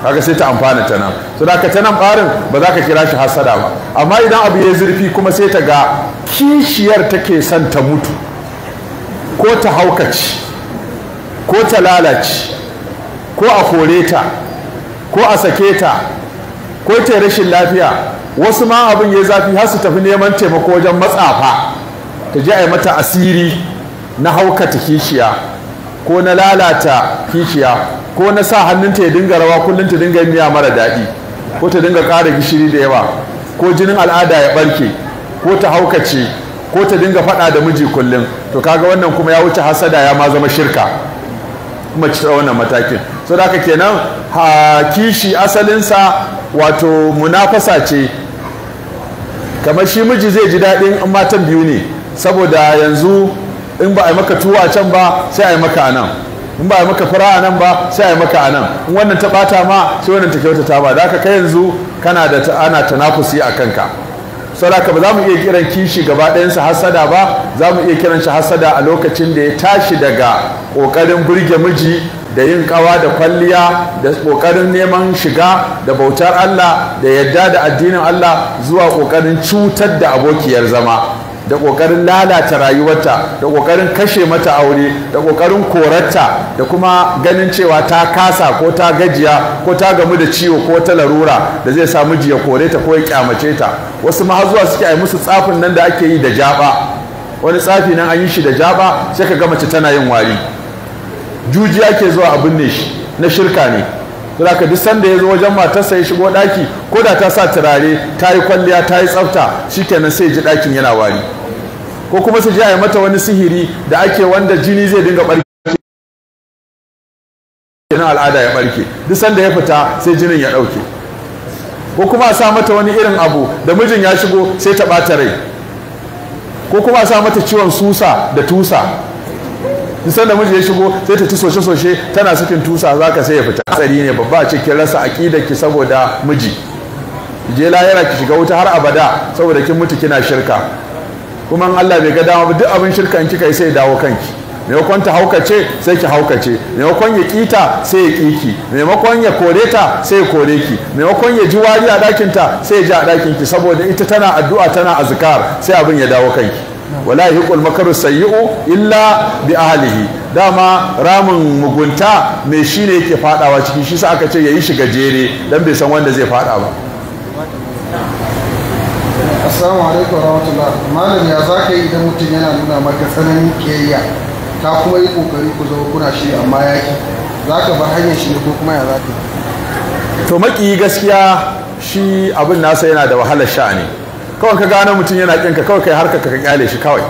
kaga sai ta amfana ta nan so da ka ta nan barin ba za ka kira shi hasada ba amma idan abu ya zurfi kuma sai ta ga kishiyar take son ta mutu ko ta haukaci ko ta lalace ko a kore ta ko a sake ta ko ta rashin lafiya wasu ma abin ya zafi har su tafi neman taimako wajen matsafa ta je a yi mata asiri na haukata kishiya ko na lalata kishiya ko na sa hannunta ya dinga rawa kullum ta dinga miya mara daɗi ko ta dinga ƙara gishiri da yawa ko jinin al'ada ya ɓarke ko ta haukace ko ta dinga faɗa da miji kullum to kaga wannan kuma ya wuce hasada ya ma zama shirka kuma ci wannan matakin so da haka kenan ha kishi asalinsa wato munafasa ce kamar shi miji zai ji daɗin matan biyu ne saboda yanzu in ba a yi maka tuwo a can ba sai a yi maka a nan in ba a yi maka fara a nan ba sai a yi maka a nan in wannan ta bata ma sai wannan ta ta ba da kai yanzu kana da ana tanakusi a kanka saboda ba za mu iya kiran kishi gaba ɗayansa hasada ba za mu iya kiran shi hasada a lokacin da ya tashi daga ƙoƙarin burge miji da yin ƙawa da kwalliya da ƙoƙarin neman shiga da bautar Allah da yadda da addinin Allah zuwa ƙoƙarin cutar da abokiyar zama da ƙoƙarin lalata rayuwarta da ƙoƙarin kashe mata aure da ƙoƙarin korarta da kuma ganin cewa ta kasa ko ta gajiya ko ta gamu da ciwo ko ta larura da zai sa miji ya kore ta ko ya kyamace ta wasu ma zuwa suke yi musu tsafin nan da ake yi da jaba wani tsafi nan an yi shi da jaba sai ka ga mace tana yin wari jujiya ke zuwa abin ne shi na shirka ne za duk sanda ya zo wajen matarsa ya shigo daki ko da ta sa turare ta yi kwalliya ta yi tsafta shikenan sai ji dakin yana wari ko kuma su ji a yi mata wani sihiri da ake wanda jini zai dinga ɓarke kenan al'ada ya barke duk sanda ya fita sai jinin ya dauke. ko kuma a sa mata wani irin abu da mijin ya shigo sai ta bata rai ko kuma a sa mata ciwon susa da tusa nisan da miji ya shigo sai ta ci soshe-soshe tana sukin tusa za ka sai ya fita tsari ne babba ce ki rasa a ki saboda miji je lahira ki shiga wuta har abada saboda kin mutu kina shirka kuma Allah bai ga dama duk abin shirka in kika yi sai dawo kanki maimakon ta haukace sai ki haukace maimakon ya kita sai ya kiki maimakon ya kore ta sai ya kore ki maimakon ya ji wari a ɗakinta sai ya ji a ɗakin ki saboda ita tana addu'a tana azkar sai abin ya dawo kanki wala hiqul makaru sayyi'u illa bi ahlihi dama ramin mugunta mai shi ne yake fadawa ciki shi sa aka ce ya yi shi gajere dan bai san wanda zai fada ba assalamu alaikum rahmatullah malam ya ka yi idan mutum yana nuna maka tsananin kiyayya ta kuma yi kokari ku zo kuna shi amma yaki zaka bar hanyar shi ko kuma ya zaka to maki gaskiya shi abin nasa yana da wahalar sha'ani kawai ka gano mutum yana kinka kawai kai harka ka kyale shi kawai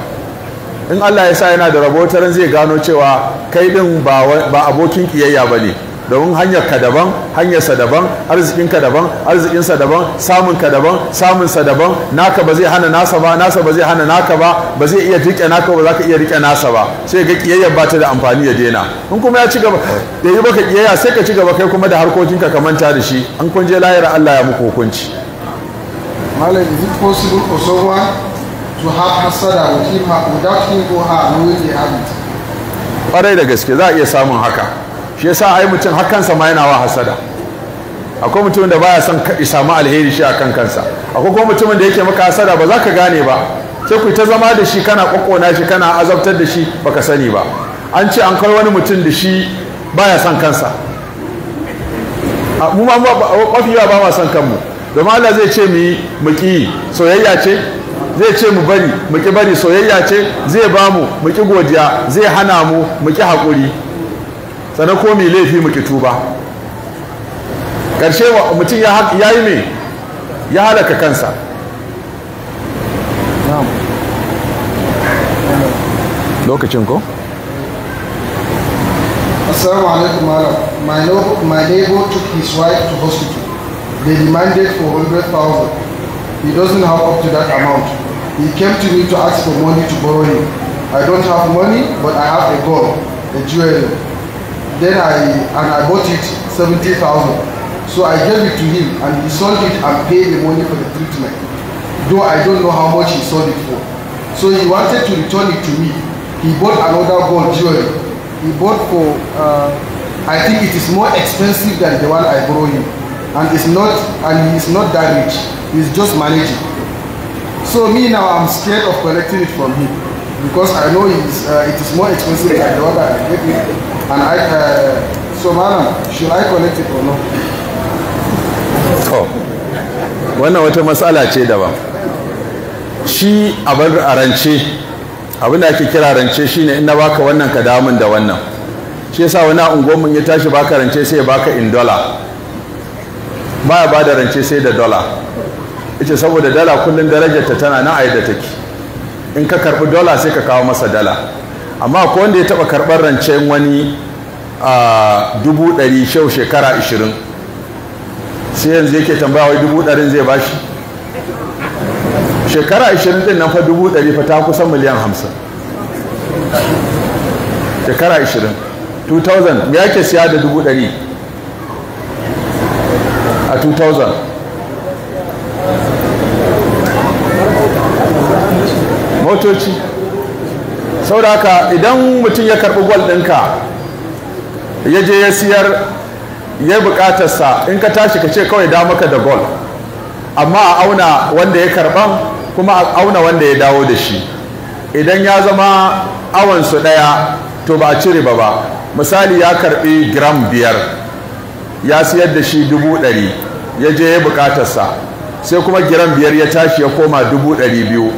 in Allah ya sa yana da rabo zai gano cewa kai din ba abokin kiyayya ba ne domin hanyar ka daban hanyarsa daban arzikin daban arzikinsa daban samun ka daban samunsa daban naka ba zai hana nasa ba nasa ba zai hana naka ba ba zai iya rike naka ba za ka iya rike nasa ba sai ga kiyayya ba ta da amfani ya daina in kuma ya ci gaba da yi baka kiyayya sai ka ci gaba kai kuma da harkokinka ka manta da shi an kun je lahira Allah ya muku hukunci Malam, is it possible for someone to have hasada with him without him or her knowing the habit? Ƙwarai da gaske za a iya samun haka. Shi yasa ai mutum hakansa ma yana wa hasada. Akwai mutumin da baya son isa samu alheri shi a kan kansa. Akwai kuma mutumin da yake maka hasada ba za ka gane ba. Sai ku ta zama da shi kana kokona shi kana azabtar da shi baka sani ba. An ce an kai wani mutum da shi baya son kansa. Mu ma mafi yawa ba ma son kanmu. domin Allah zai ce mu yi muƙi soyayya ce zai ce mu bari muƙi bari soyayya ce zai ba mu muƙi godiya zai hana mu muƙi haƙuri sannan ko mai laifi mu tuba ƙarshe mutum ya yi mai ya halaka kansa lokacin ko? Assalamu alaikum malam. my neighbor took his wife to hospital. They demanded 400,000. He doesn't have up to that amount. He came to me to ask for money to borrow him. I don't have money, but I have a gun, a jewel. Then I, and I bought it 70,000. So I gave it to him and he sold it and paid the money for the treatment. Though I don't know how much he sold it for. So he wanted to return it to me. He bought another gold jewelry. He bought for, uh, I think it is more expensive than the one I borrowed him. and it's not and he's not that rich he's just managing so me now i'm scared of collecting it from him because i know it's, uh, it is more expensive than the one i get it. and i uh, so madam should i collect it or not oh wannan wata matsala ce daban shi abin a rance abin da ake kira rance shine in na baka wannan ka damun da wannan shi yasa wani mun ya tashi baka rance sai ya baka in baya ba da rance sai da dola ita saboda dala kullum darajarta tana na aida take in ka karbi dola sai ka kawo masa dala amma ko wanda ya taba karbar rancen wani a dubu dari shau shekara ashirin sai yanzu yake tambaya wai dubu dari zai bashi shekara ashirin din nan fa dubu dari fa ta kusan miliyan hamsin shekara ashirin 2000 ya ke siya da dubu dari. a 2000 motoci sauraka idan mutum ya karɓi gwal ɗinka ya je ya siyar ya bukatarsa in ka tashi ka ce kawai da maka da gwal amma a auna wanda ya karɓan kuma a auna wanda ya dawo da shi idan ya zama awon su ɗaya to ba a cire ba ba misali ya karɓi gram biyar ya siyar da shi dubu ɗari ya je ya bukatarsa sai kuma giran biyar ya tashi ya koma dubu ɗari biyu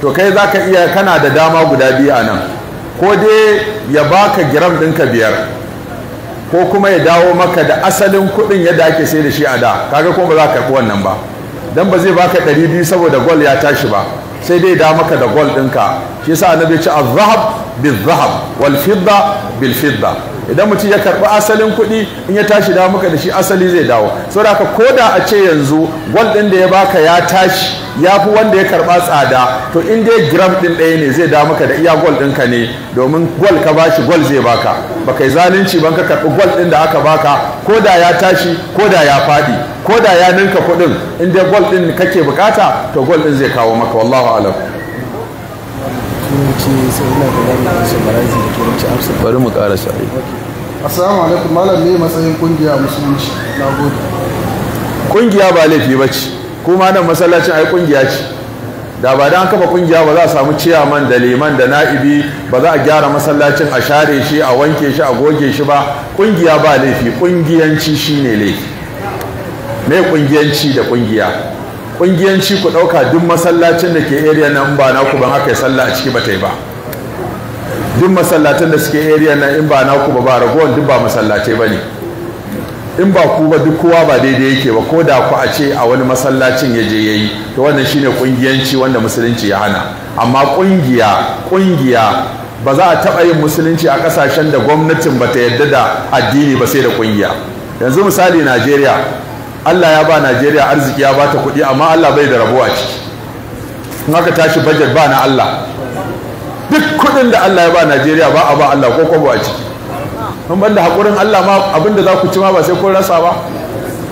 to kai za ka iya kana da dama guda biyu a nan ko dai ya baka giram ɗinka biyar ko kuma ya dawo maka da asalin kuɗin yadda ake sai da shi a da kaga kuma ba za ka wannan ba dan ba zai baka ɗari biyu saboda gol ya tashi ba sai dai da maka da gol ɗinka shi yasa annabi ya ce az-zahab bil-zahab wal-fidda bil-fidda idan mutum ya karɓi asalin kuɗi in ya tashi da maka da shi asali zai dawo saboda haka ko da a ce yanzu gwal ɗin da ya baka ya tashi ya fi wanda ya karɓa tsada to in dai gram ɗin ɗaya ne zai dawo maka da iya gwal ɗin ka ne domin gwal ka bashi gwal zai baka ba kai zalunci ban ka karɓi gwal ɗin da aka baka ko da ya tashi ko da ya faɗi ko da ya ninka kuɗin in dai gwal ɗin kake bukata to gwal ɗin zai kawo maka wallahu alam turanci sai ina da wani amsa barazi da turanci amsa bari mu ƙara sa'ai assalamu alaikum malam ne matsayin kungiya musulunci na gode kungiya ba laifi ba ce kuma nan masallacin ai kungiya ce da ba dan kafa kungiya ba za a samu ciyaman da liman da na'ibi ba za a gyara masallacin a share shi a wanke shi a goge shi ba kungiya ba laifi kungiyanci shine laifi me kungiyanci da kungiya kungiyanci ku ɗauka duk masallacin da ke area nan ba na ku ban haka sallah a ciki ba ta yi ba duk masallacin da suke area nan in ba ku ba ba ragowar duk ba masallace ba ne in ba ku ba duk kowa ba daidai yake ba ko da ku a ce a wani masallacin ya je ya yi to wannan shine kungiyanci wanda musulunci ya hana amma kungiya kungiya ba za a taɓa yin musulunci a ƙasashen da gwamnatin ba ta yarda da addini ba sai da kungiya yanzu misali najeriya Allah ya ba Najeriya arziki ya ba ta kuɗi amma Allah bai da rabuwa a ciki in aka tashi bajet ba na Allah duk kuɗin da Allah ya ba Najeriya ba a ba Allah ko kwabo a ciki in banda haƙurin Allah ma abinda za ku ci ma ba sai kun rasa ba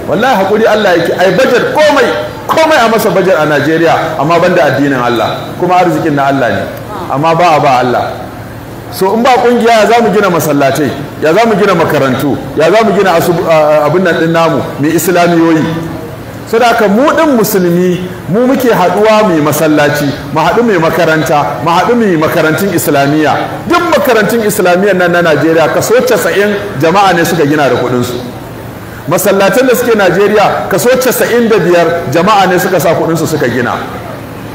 wallahi haƙuri Allah yake ai bajet komai komai a masa bajet a Najeriya amma banda addinin Allah kuma arzikin na Allah ne amma ba a ba Allah so in ba kungiya ya za mu gina masallatai ya za mu gina makarantu ya za mu gina abin nan din namu mai islamiyoyi so da haka mu din musulmi mu muke haɗuwa mai masallaci mu haɗu mai makaranta mu haɗu mai makarantun islamiyya duk makarantun islamiyya nan na Najeriya kaso casa'in jama'a ne suka gina da kuɗinsu? masallatan da suke Najeriya kaso casa'in da biyar jama'a ne suka sa kuɗinsu suka gina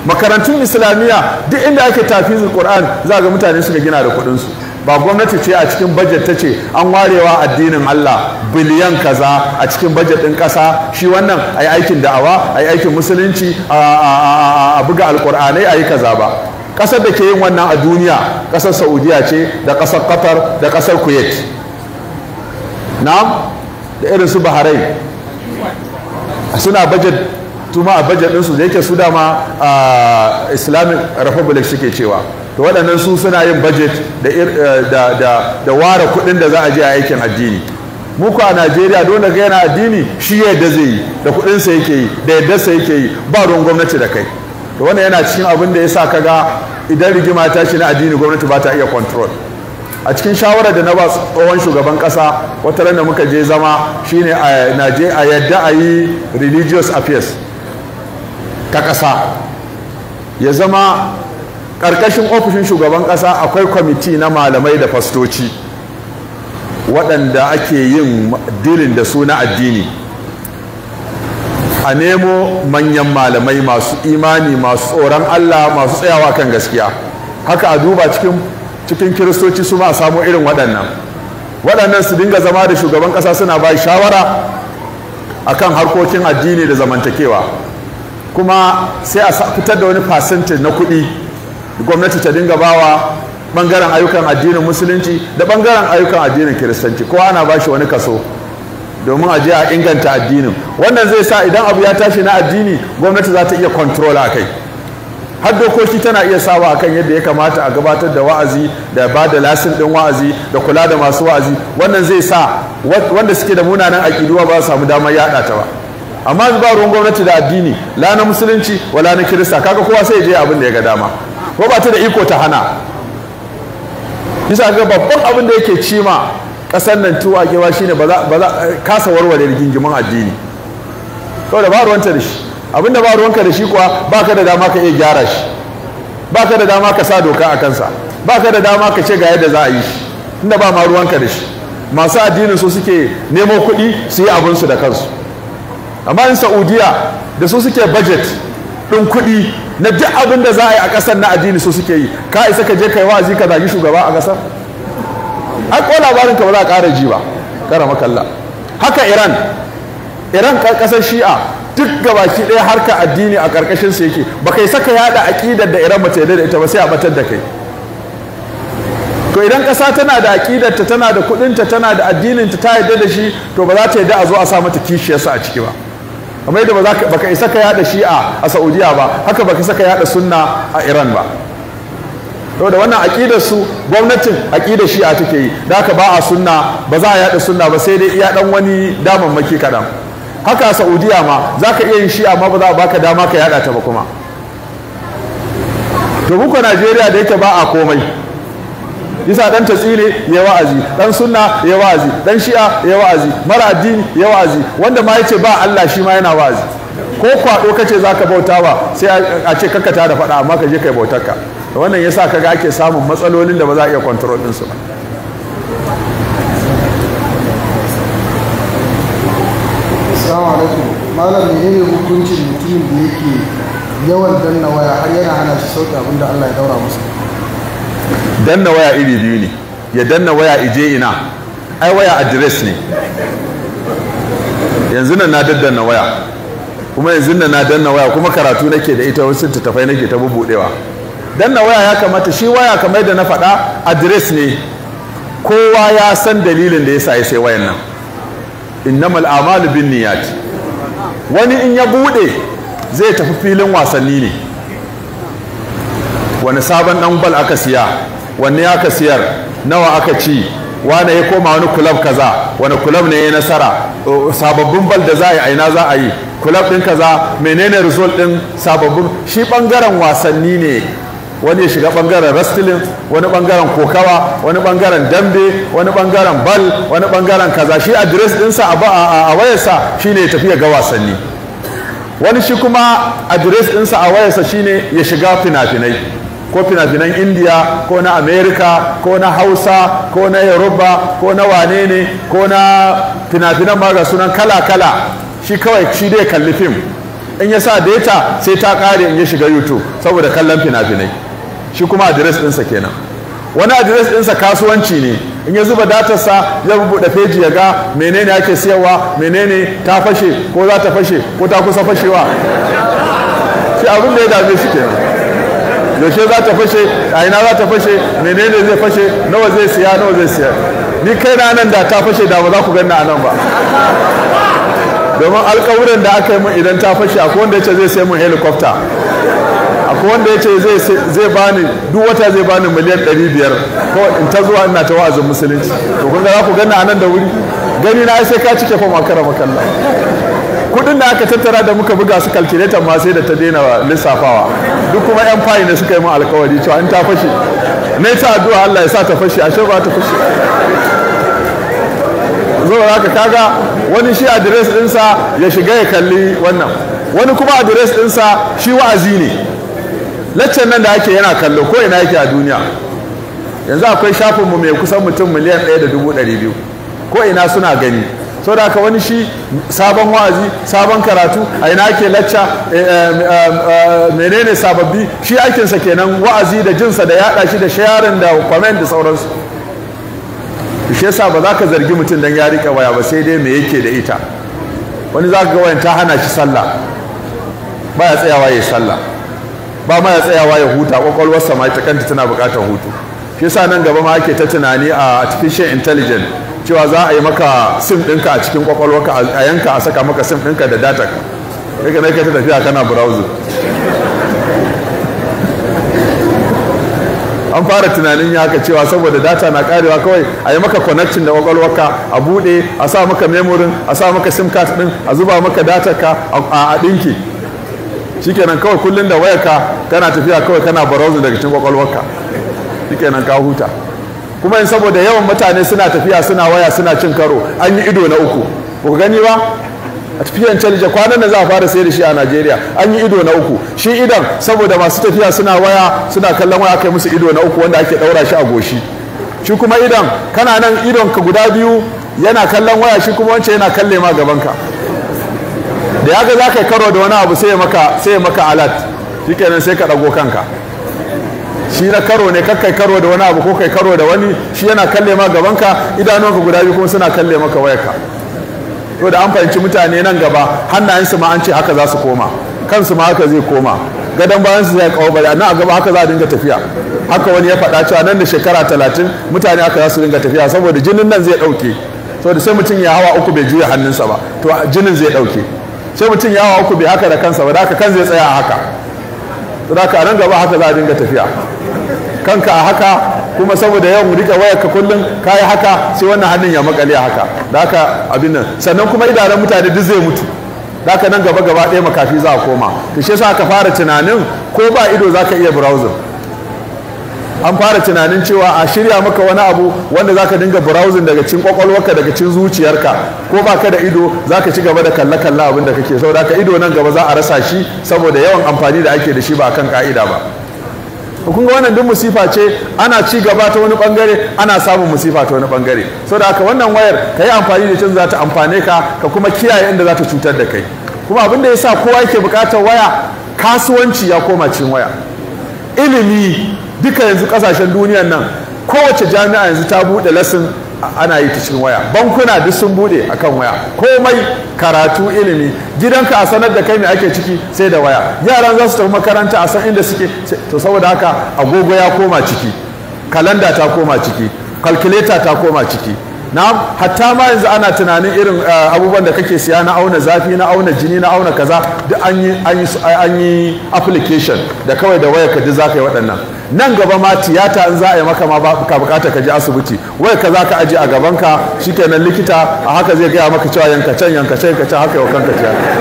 makarantun islamiyya duk inda ake tafizul qur'an za a ga mutane suka gina da kuɗinsu. ba gwamnati ce a cikin bajet ta ce an warewa addinin Allah biliyan kaza a cikin bajet ɗin ƙasa shi wannan a yi aikin da'awa a yi aikin musulunci a buga alƙur'anai a yi kaza ba ƙasar da ke yin wannan a duniya ƙasar saudiya ce da ƙasar qatar da ƙasar kuwait na da irin su baharai suna bajet su ma a budget ɗinsu da yake su dama a islamic republic suke cewa to waɗannan su suna yin budget da eh, ware kuɗin da za a je a aikin addini muku a najeriya don da yana addini shi yadda zai yi da kuɗinsa yake yi da yadda sa yake yi ba ruwan gwamnati da kai to wannan yana cikin abin da ya sa kaga idan rigima ta shi na addini gwamnati ba ta iya control a cikin shawarar da na ba tsohon shugaban kasa wata ran da muka je zama shine a a yadda a yi religious affairs ta ƙasa ya zama ƙarƙashin ofishin shugaban ƙasa akwai kwamiti na malamai da fastoci waɗanda ake yin dilin da su na addini a nemo manyan malamai masu imani masu tsoron allah masu tsayawa kan gaskiya haka a duba cikin kiristoci su ma samu irin waɗannan waɗannan su dinga zama da shugaban ƙasa suna ba shawara akan harkokin addini da zamantakewa kuma sai a fitar da wani percentage na kuɗi gwamnati ta dinga bawa ɓangaren ayyukan addinin musulunci da ɓangaren ayyukan addinin kiristanci kowa ana ba shi wani kaso domin a a inganta addinin wannan zai sa idan abu ya tashi na addini gwamnati za ta iya control a kai har dokoki tana iya sawa akan yadda ya kamata a gabatar da wa'azi da ba da lasin din wa'azi da kula da masu wa'azi wannan zai sa wanda suke da munanan aƙiduwa ba su samu damar yaɗa ta ba amma ba ruwan gwamnati da addini la na musulunci wala na kirista kaga kowa sai je abin da ya ga dama ko ba ta da iko ta hana bisa ga babban abin da yake cima kasan nan tuwa kewa shine ba za kasa warware rigingimin addini da ba ta da shi abin da ba ruwanka da shi kuwa ka da dama ka iya gyara shi ba ka da dama ka sa doka a kansa ba ka da dama ka ce ga yadda za a yi shi inda ba ma ruwanka da shi masu addinin su suke nemo kuɗi su yi abinsu da kansu amma in saudiya da su suke budget ɗin kuɗi na duk abin da za a yi a ƙasar na addini su suke yi ka isa ka je kai wa'azi ka zagi shugaba a ƙasar an ko labarin ka ba za a ƙara ji ba ƙara makalla haka iran iran ƙasar shi'a duk gabaki ɗaya ka addini a ƙarƙashin su yake ba kai saka yaɗa aƙidar da iran mace da ita ba sai a batar da kai to idan ƙasa tana da aƙidarta tana da kuɗinta tana da addininta ta yarda da shi to ba za ta yarda a zo a sa mata kishiyarsa a ciki ba kamar yadda ba ka isa ka yada shi'a a saudiya ba haka ba ka isa ka yada sunna a iran ba da wannan aƙidar su gwamnatin aƙidar shi'a take yi da haka ba a sunna ba za a yada sunna ba sai dai iya dan wani maki kaɗan haka a saudiya ma za ka iya yin shi'a ma ba za a baka dama ka yada ta ba kuma to muku najeriya da yake ba a komai yasa dan tasiri ya wa'azi dan sunna ya wa'azi dan shi'a ya wa'azi mara addini ya wa'azi wanda ma yace ba Allah shi ma yana wa'azi ko kwado kace zaka bautawa sai a ce ta da faɗa amma ka je kai bautarka wannan yasa kaga ake samun matsalolin da ba za a iya control din su ba Assalamu alaikum malam menene hukuncin mutumin da yake yawan danna waya har yana hana shi sauke da Allah ya daura masa danna waya iri biyu ne ya danna waya ije ina ai waya address ne yanzu nan na daddanna waya kuma yanzu nan na danna waya kuma karatu nake da ita wasu tattafai nake ta bubudewa danna waya ya kamata shi waya kamar da na faɗa address ne kowa ya san dalilin da ya sa ya sai wayan nan innamal amalu bin niyyat wani in ya bude zai tafi filin wasanni ne wani sabon ɗan bal aka siya wanne aka siyar nawa aka ci wane ya koma wani kulab kaza wani kulab ne ya nasara sababbin bal da za a yi aina za a yi kulab din kaza menene result din sababbin shi bangaren wasanni ne wani ya shiga bangaren wrestling wani bangaren kokawa wani bangaren dambe wani bangaren bal wani bangaren kaza shi address dinsa a wayarsa shine ya tafi ga wasanni wani shi kuma address dinsa a wayarsa shine ya shiga fina-finai ko finafinan indiya ko na amerika ko na hausa ko na yoruba ko na wane ne ko na finafinan ba ga sunan kala-kala shi kawai shi dai kalli fim in ya sa data sai ta kare in ya shiga youtube saboda kallon finafinai shi kuma adires ɗinsa kenan wani adires ɗinsa kasuwanci ne in ya zuba datarsa ya buɗe feji ya ga menene ake siyarwa menene ta fashe ko za ta fashe ko ta kusa fashewa shi abin da ya dame shi kenan yaushe za ta fashe a ina za ta fashe menene zai fashe nawa zai siya nawa zai siya ni kai na nan da ta fashe da ba za ku ganna a nan ba domin alkawuran da aka yi mun idan ta fashe akwai wanda ya ce zai sai mun helicopter akwai wanda ya ce zai bani duk wata zai bani miliyan 500 ko in ta zuwa ina ta wa'azin musulunci to kun ga za ku ganna a nan da wuri gani na sai ka cike fa makara makalla kudin da aka tattara da muka buga su calculator ma sai da ta daina lissafawa duk kuma yan fayi ne suka yi min alkawari cewa in ta fashe ne ta addu'a Allah ya sa ta fashe ashe ba ta fashe zuwa haka kaga wani shi adires dinsa ya shiga ya kalli wannan wani kuma adires dinsa shi wa'azi ne laccen nan da ake yana kallo ko ina yake a duniya yanzu akwai shafinmu mai kusan mutum miliyan ɗaya da dubu ɗari biyu ko ina suna gani saboda haka wani shi sabon wa'azi sabon karatu a ina ake lacca eh, eh, eh, menene sababbi shi aikinsa kenan wa'azi da jinsa da yaɗa shi da shayarin da kwamen da sauransu shi yasa ba za ka zargi mutum don ya rika waya ba sai dai me yake da ita wani za ka ga wayan ta hana shi sallah ba ya tsayawa ya sallah ba ma ya tsayawa ya huta kwakwalwarsa ma ita kanta tana bukatar hutu shi yasa nan gaba ma ake ta tunani a artificial intelligence cewa za a yi maka sim ɗinka a cikin kwakwalwarka a yanka a saka maka sim ɗinka da data ka kai ka ta tafiya kana browser an fara tunanin ya haka cewa saboda data na karewa kawai a yi maka connection da kwakwalwarka a buɗe a sa maka memory a sa maka sim card ɗin a zuba maka data ka a ɗinki shikenan kawai kullum da wayarka kana tafiya kawai kana browser daga cikin kwakwalwarka shikenan ka huta kuma in saboda yawan mutane suna tafiya suna waya suna cin karo an yi ido na uku ku gani ba artificial intelligence kwanan da za a fara sayar da shi a Najeriya an yi ido na uku shi idan saboda masu tafiya suna waya suna kallon waya kai musu ido na uku wanda ake ɗaura shi a goshi shi kuma idan kana nan idon ka guda biyu yana kallon waya shi kuma wancan yana kalle ma gaban ka da ya ga za ka karo da wani abu sai maka sai maka alat shikenan sai ka dago kanka shi na karo ne kakkai karo da wani abu ko kai karo da wani shi yana kalle ma gabanka idanunka guda biyu kuma suna kalle maka wayarka to da an fahimci mutane nan gaba hannayensu ma an ce haka za su koma kansu ma haka zai koma gadon bayan su zai kawo bari nan a gaba haka za a dinga tafiya haka wani ya faɗa cewa nan da shekara talatin mutane haka za su dinga tafiya saboda jinin nan zai ɗauke saboda sai mutum ya hawa uku bai juya hannunsa ba to jinin zai ɗauke sai mutum ya hawa uku bai haka da kansa ba da haka kan zai tsaya a haka za ka nan gaba haka za a dinga tafiya kanka a haka kuma saboda yawan rika wayar ka kullum ka yi haka sai wannan hannun ya makale a haka da haka abin nan sannan kuma idanun mutane duk zai mutu da haka nan gaba gaba ɗaya makafi za a koma to shi yasa ka fara tunanin ko ba ido za ka iya browsing an fara tunanin cewa a shirya maka wani abu wanda zaka dinga browsing daga cikin kwakwalwarka daga cikin zuciyarka ko baka da ido zaka ci gaba da kalle kalle abin da kake saboda ka ido nan gaba za a rasa shi saboda yawan amfani da ake da shi ba kan ka'ida ba kun ga wannan duk musifa ce ana ci gaba ta wani bangare ana samun musifa ta wani bangare saboda haka wannan wayar ka yi amfani da cin za ta amfane ka ka kuma kiyaye inda za ta cutar da kai kuma abin da ya sa kowa yake bukatar waya kasuwanci ya koma cin waya ilimi duka yanzu kasashen duniyan nan kowace jami'a yanzu ta bude lasin ana yi ta cikin waya bankuna duk sun buɗe akan waya komai karatu ilimi gidanka a sanar da kai me ake ciki sai da waya yaran za su tafi makaranta a san inda suke to saboda haka agogo ya koma ciki kalanda ta koma ciki kalkuleta ta koma ciki na hatta ma yanzu ana tunanin irin eh, abubuwan da kake siya na auna zafi na auna jini na auna kaza duk an yi application da kawai da waya ka duk zaka yi waɗannan nan gaba ma tiyata in za a yi maka ma ba ka bukata ka je asibiti wai ka za ka aji a gaban ka shikenan likita a haka zai gaya maka cewa yanka can yanka can yanka can haka yau kanka tiyata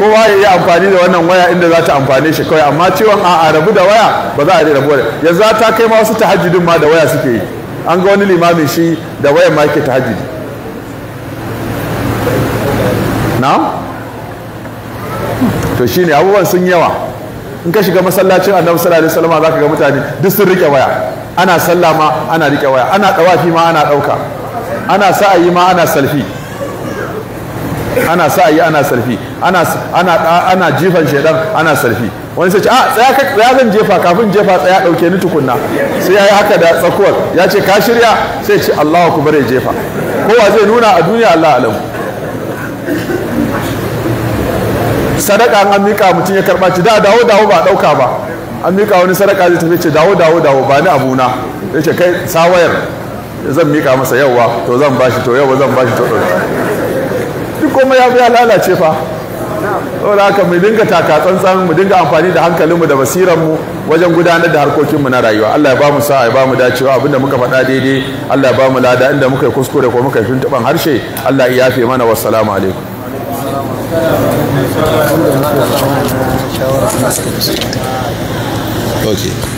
kowa ya yi amfani da wannan waya inda za ta amfani shi kawai amma ciwon a rabu da waya ba za a yi rabu da yanzu ta kai ma wasu tahajjudin ma da waya suke yi an ga wani limamin shi da wayan ma yake tahajjudi na'am to shine abubuwan sun yawa in ka shiga masallacin annabi sallallahu alaihi wasallam zaka ga mutane duk sun rike waya ana sallah ma ana rike waya ana dawafi ma ana dauka ana sa'ayi ma ana salfi ana sa'ayi ana salfi ana ana ana jifan shedan ana salfi wani sai ce ah tsaya ka tsaya zan jefa kafin jefa tsaya dauke ni tukunna sai yayi haka da tsakuwar ya ce ka shirya sai ce Allahu akubar ya jefa kowa zai nuna a duniya Allah alamu sadaka an mika mutum ya karba ci da dawo dawo ba dauka ba an mika wani sadaka zai tafi ce dawo dawo dawo ba ni abuna ya ce kai sawayar zan mika masa yawa to zan bashi to yawa zan bashi to duk kuma ya ya lalace fa da haka mu dinga taka tsantsan mu dinga amfani da hankalinmu da basiranmu wajen gudanar da harkokinmu na rayuwa Allah ya ba mu sa'a ya ba mu dacewa abinda muka faɗa daidai Allah ya ba mu lada inda muka yi kuskure ko muka yi tuntuban harshe Allah ya yafe mana wassalamu alaikum ok